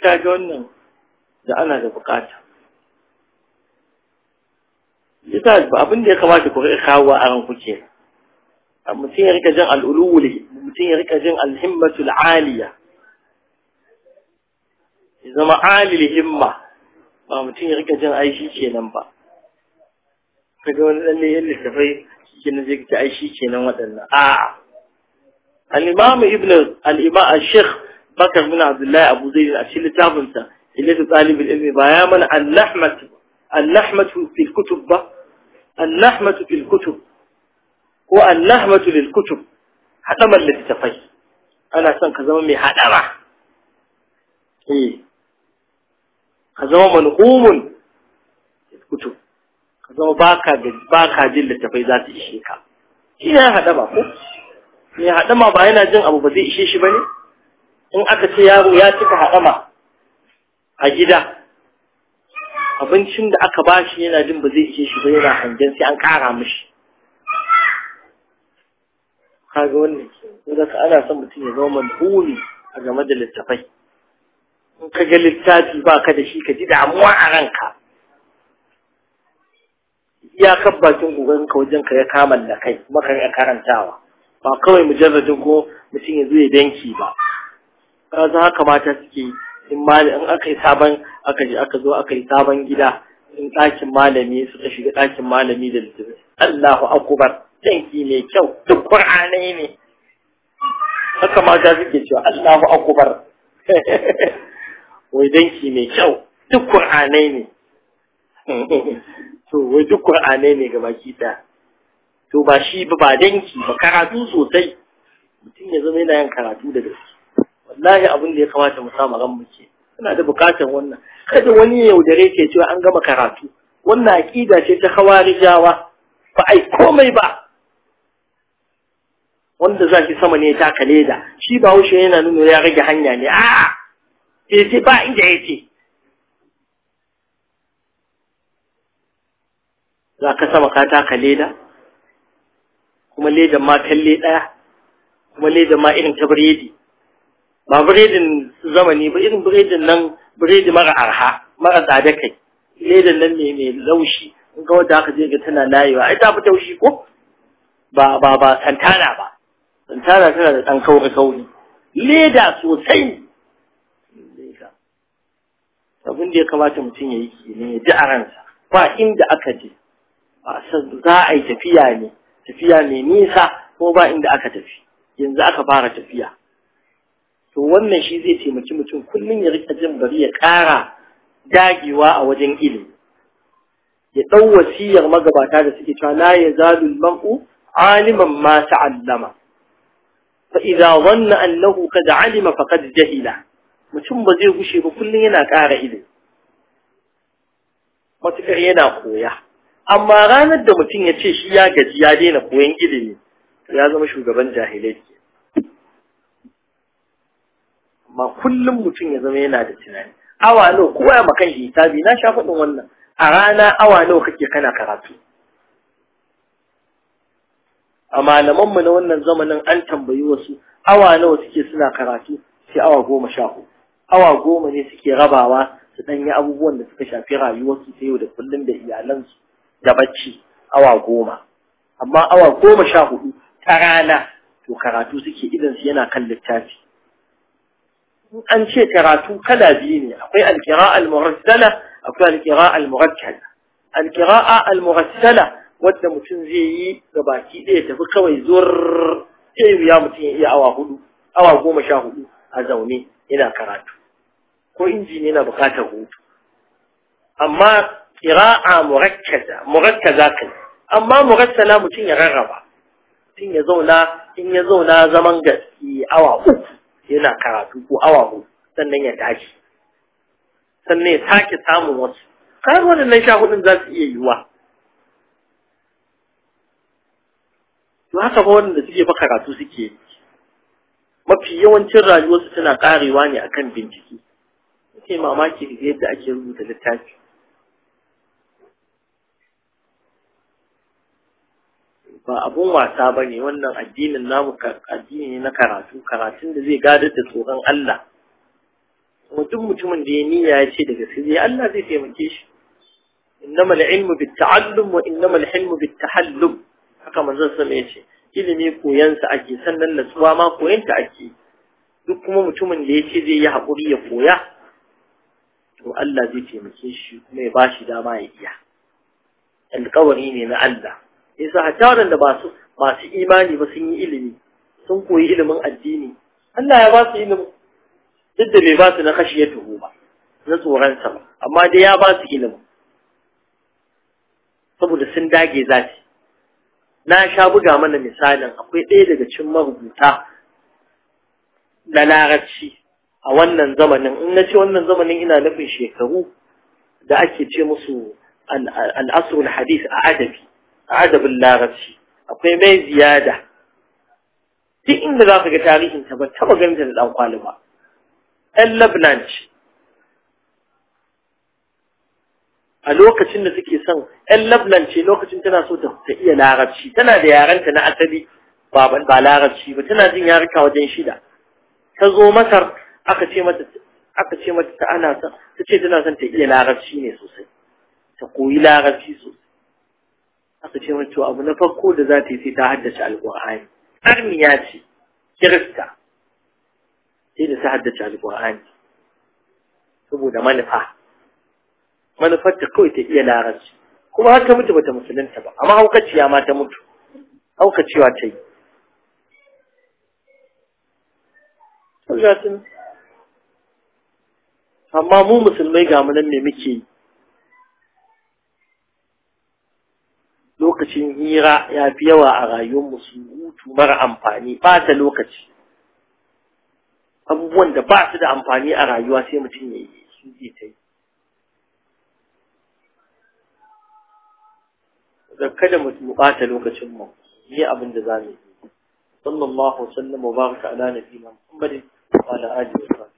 ga wannan da ana da bukata yasa ba abin da ya kamata ku kawo a ran kuke mutum ya rika jin al'ululi mutum ya rika jin alhimmatul aliya ya zama alil himma ba mutum ya rika jin aishi kenan ba kaga wani ɗan ne littafai shi ne zai ta aishi kenan waɗannan a'a A imam ibn al al-sheikh bakar bin abdullahi abu Zaidu a cikin littafinsa اللي تطالب العلم بياما اللحمة اللحمة في الكتب با. اللحمة في الكتب هو اللحمة للكتب حتما التي تفاي أنا أحسن كزمان مي حتما إيه كزمان منقوم الكتب كزمان باكا باكا جل التفاي ذات إشيكا هنا هذا بقى هنا هذا ما بعينا جن أبو بدي إشي شبني إن أكتر يا رويا تك هذا a gida abincin da aka ba shi yana jin ba zai ishe shi ba yana hangen sai an kara mishi kaga wannan ke daga ana son mutum ya zama manhuni a game da littafai in ka ga littafi ba ka da shi ka ji damuwa a ranka kan bakin gogon ka wajen ka ya kama da kai kuma ka karantawa ba kawai mujarradin ko mutum ya zo ya danki ba kaza haka mata suke yi in in aka yi sabon aka je aka zo aka yi sabon gida in ɗakin malami suka shiga ɗakin malami da littafi Allahu akbar tanki mai kyau duk qur'anai ne haka mata suke cewa Allahu akbar [LAUGHS] wai danki mai kyau duk qur'anai ne [LAUGHS] to wai duk qur'anai ne gabaki ɗaya to ba shi ba danki ba karatu sosai mutum ya zama yana yin karatu da gaske wallahi abin da ya kamata mu samu ran muke ina da bukatar wannan kada wani ya yaudare ke cewa an gama karatu wannan aƙida ce ta khawarijawa ba ai komai ba wanda za shi sama ne ya taka leda shi ba haushe yana nuna ya rage hanya ne a ce ba inda yake za ka sama ka taka leda kuma ledan ma kalle ɗaya kuma ledan ma irin ta biredi ba biredin zamani ba irin biredin nan biredi mara arha mara tsada kai ledan nan ne mai laushi in ga wanda aka je ga tana layewa ai ta fi taushi ko ba ba ba santana ba santana tana da dan kauri kauri leda sosai abin da ya kamata mutum ya yi ne ya ji a ransa ba inda aka je ba san za a yi tafiya ne tafiya mai nisa ko ba inda aka tafi yanzu aka fara tafiya to wannan shi zai taimaki mutum kullum ya rika jin bari ya kara dagewa a wajen ilimi ya ɗau wasiyar magabata da suke cewa la ya zalu mar'u aliman ma ta'allama fa idza dhanna annahu qad alima faqad jahila mutum ba zai gushe ba kullum yana kara ilimi matukar yana koya amma ranar da mutum ya ce shi ya gaji ya daina koyon ilimi ya zama shugaban jahilai ma kullum mutum ya zama yana da tunani awa nawa kowa ya makan hitabi na sha faɗin wannan a rana awa nawa kake kana karatu a malamanmu na wannan zamanin an tambayi wasu awa nawa suke suna karatu sai awa goma sha hudu awa goma ne suke rabawa su ɗan yi abubuwan da suka shafi rayuwarsu ta yau da kullum da iyalansu da bacci awa goma amma awa goma sha hudu ta rana to karatu suke idan su yana kan littafi in an ce karatu kala biyu ne akwai alkira'a almurassala akwai alkira'a Alkira alkira'a almurassala wadda mutum zai yi ga baki ɗaya tafi kawai zur sai mutum ya iya awa hudu awa goma sha hudu a zaune yana karatu ko injin yana bukatar hutu amma kira'a murakkaza murakkaza kai amma murassala mutum ya rarraba mutum ya zauna in ya zauna zaman gaske awa uku yana karatu ko awa hudu sannan ya tashi sannan ya sake samun wasu kayan waɗannan sha hudun za su iya yiwuwa to haka ba waɗanda suke fa karatu suke mafi yawancin rayuwarsu tana karewa ne akan bincike suke mamaki da yadda ake rubuta littafi ba abun wasa ba ne wannan addinin namu addini ne na karatu karatun da zai gadar da tsoron Allah kuma duk mutumin da ya niyya ya ce daga sai Allah zai taimake shi innama al-ilmu bit-ta'allum wa innama al-hilmu bit-tahallum haka manzon sa ya ce ilimi koyan sa ake sannan natsuwa ma koyan ta ake duk kuma mutumin da ya ce zai yi hakuri ya koya to Allah zai taimake shi kuma ya bashi dama ya iya alƙawari ne na Allah yasa hatta da ba masu imani ba sun yi ilimi sun koyi ilimin addini Allah ya ba su ilimi duk da bai ba su na tuhu ba na tsoron sa ba amma dai ya ba su ilimi saboda sun dage zafi na sha buga mana misalin akwai ɗaya daga cikin marubuta na larabci a wannan zamanin in na ce wannan zamanin ina nufin shekaru da ake ce musu al'asrul hadith a adabi a adabin larabci akwai mai ziyada duk inda za ka ga tarihin ta ba taba ganin da dan kwali ba ɗan a lokacin da suke son ɗan Lebanon lokacin tana so ta iya larabci tana da yarenta na asali ba ba larabci ba tana jin yaruka wajen shida ta zo masar aka ce mata aka ce mata ta ana son ta ce tana son ta iya larabci ne sosai ta koyi larabci sosai aka ce mata to abu na farko da za ta yi sai ta haddace Alƙur'ani. armiya ce kirista sai da ta haddace Alƙur'ani. saboda manufa manufar ta kawai ta iya larabci kuma har ta mutu bata musulunta ba amma haukaciya ma ta mutu haukacewa ta yi amma mu musulmai ga mu nan me muke yi lokacin hira ya fi yawa a rayuwar hutu mara amfani ba ta lokaci abubuwan da ba su da amfani a rayuwa sai mutum ya yi su ke ta yi da kada mu ta lokacin mu ne abin da za mu yi sallallahu wasallam wa baraka ala nabiyina muhammadin wa ala alihi wa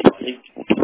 sahbihi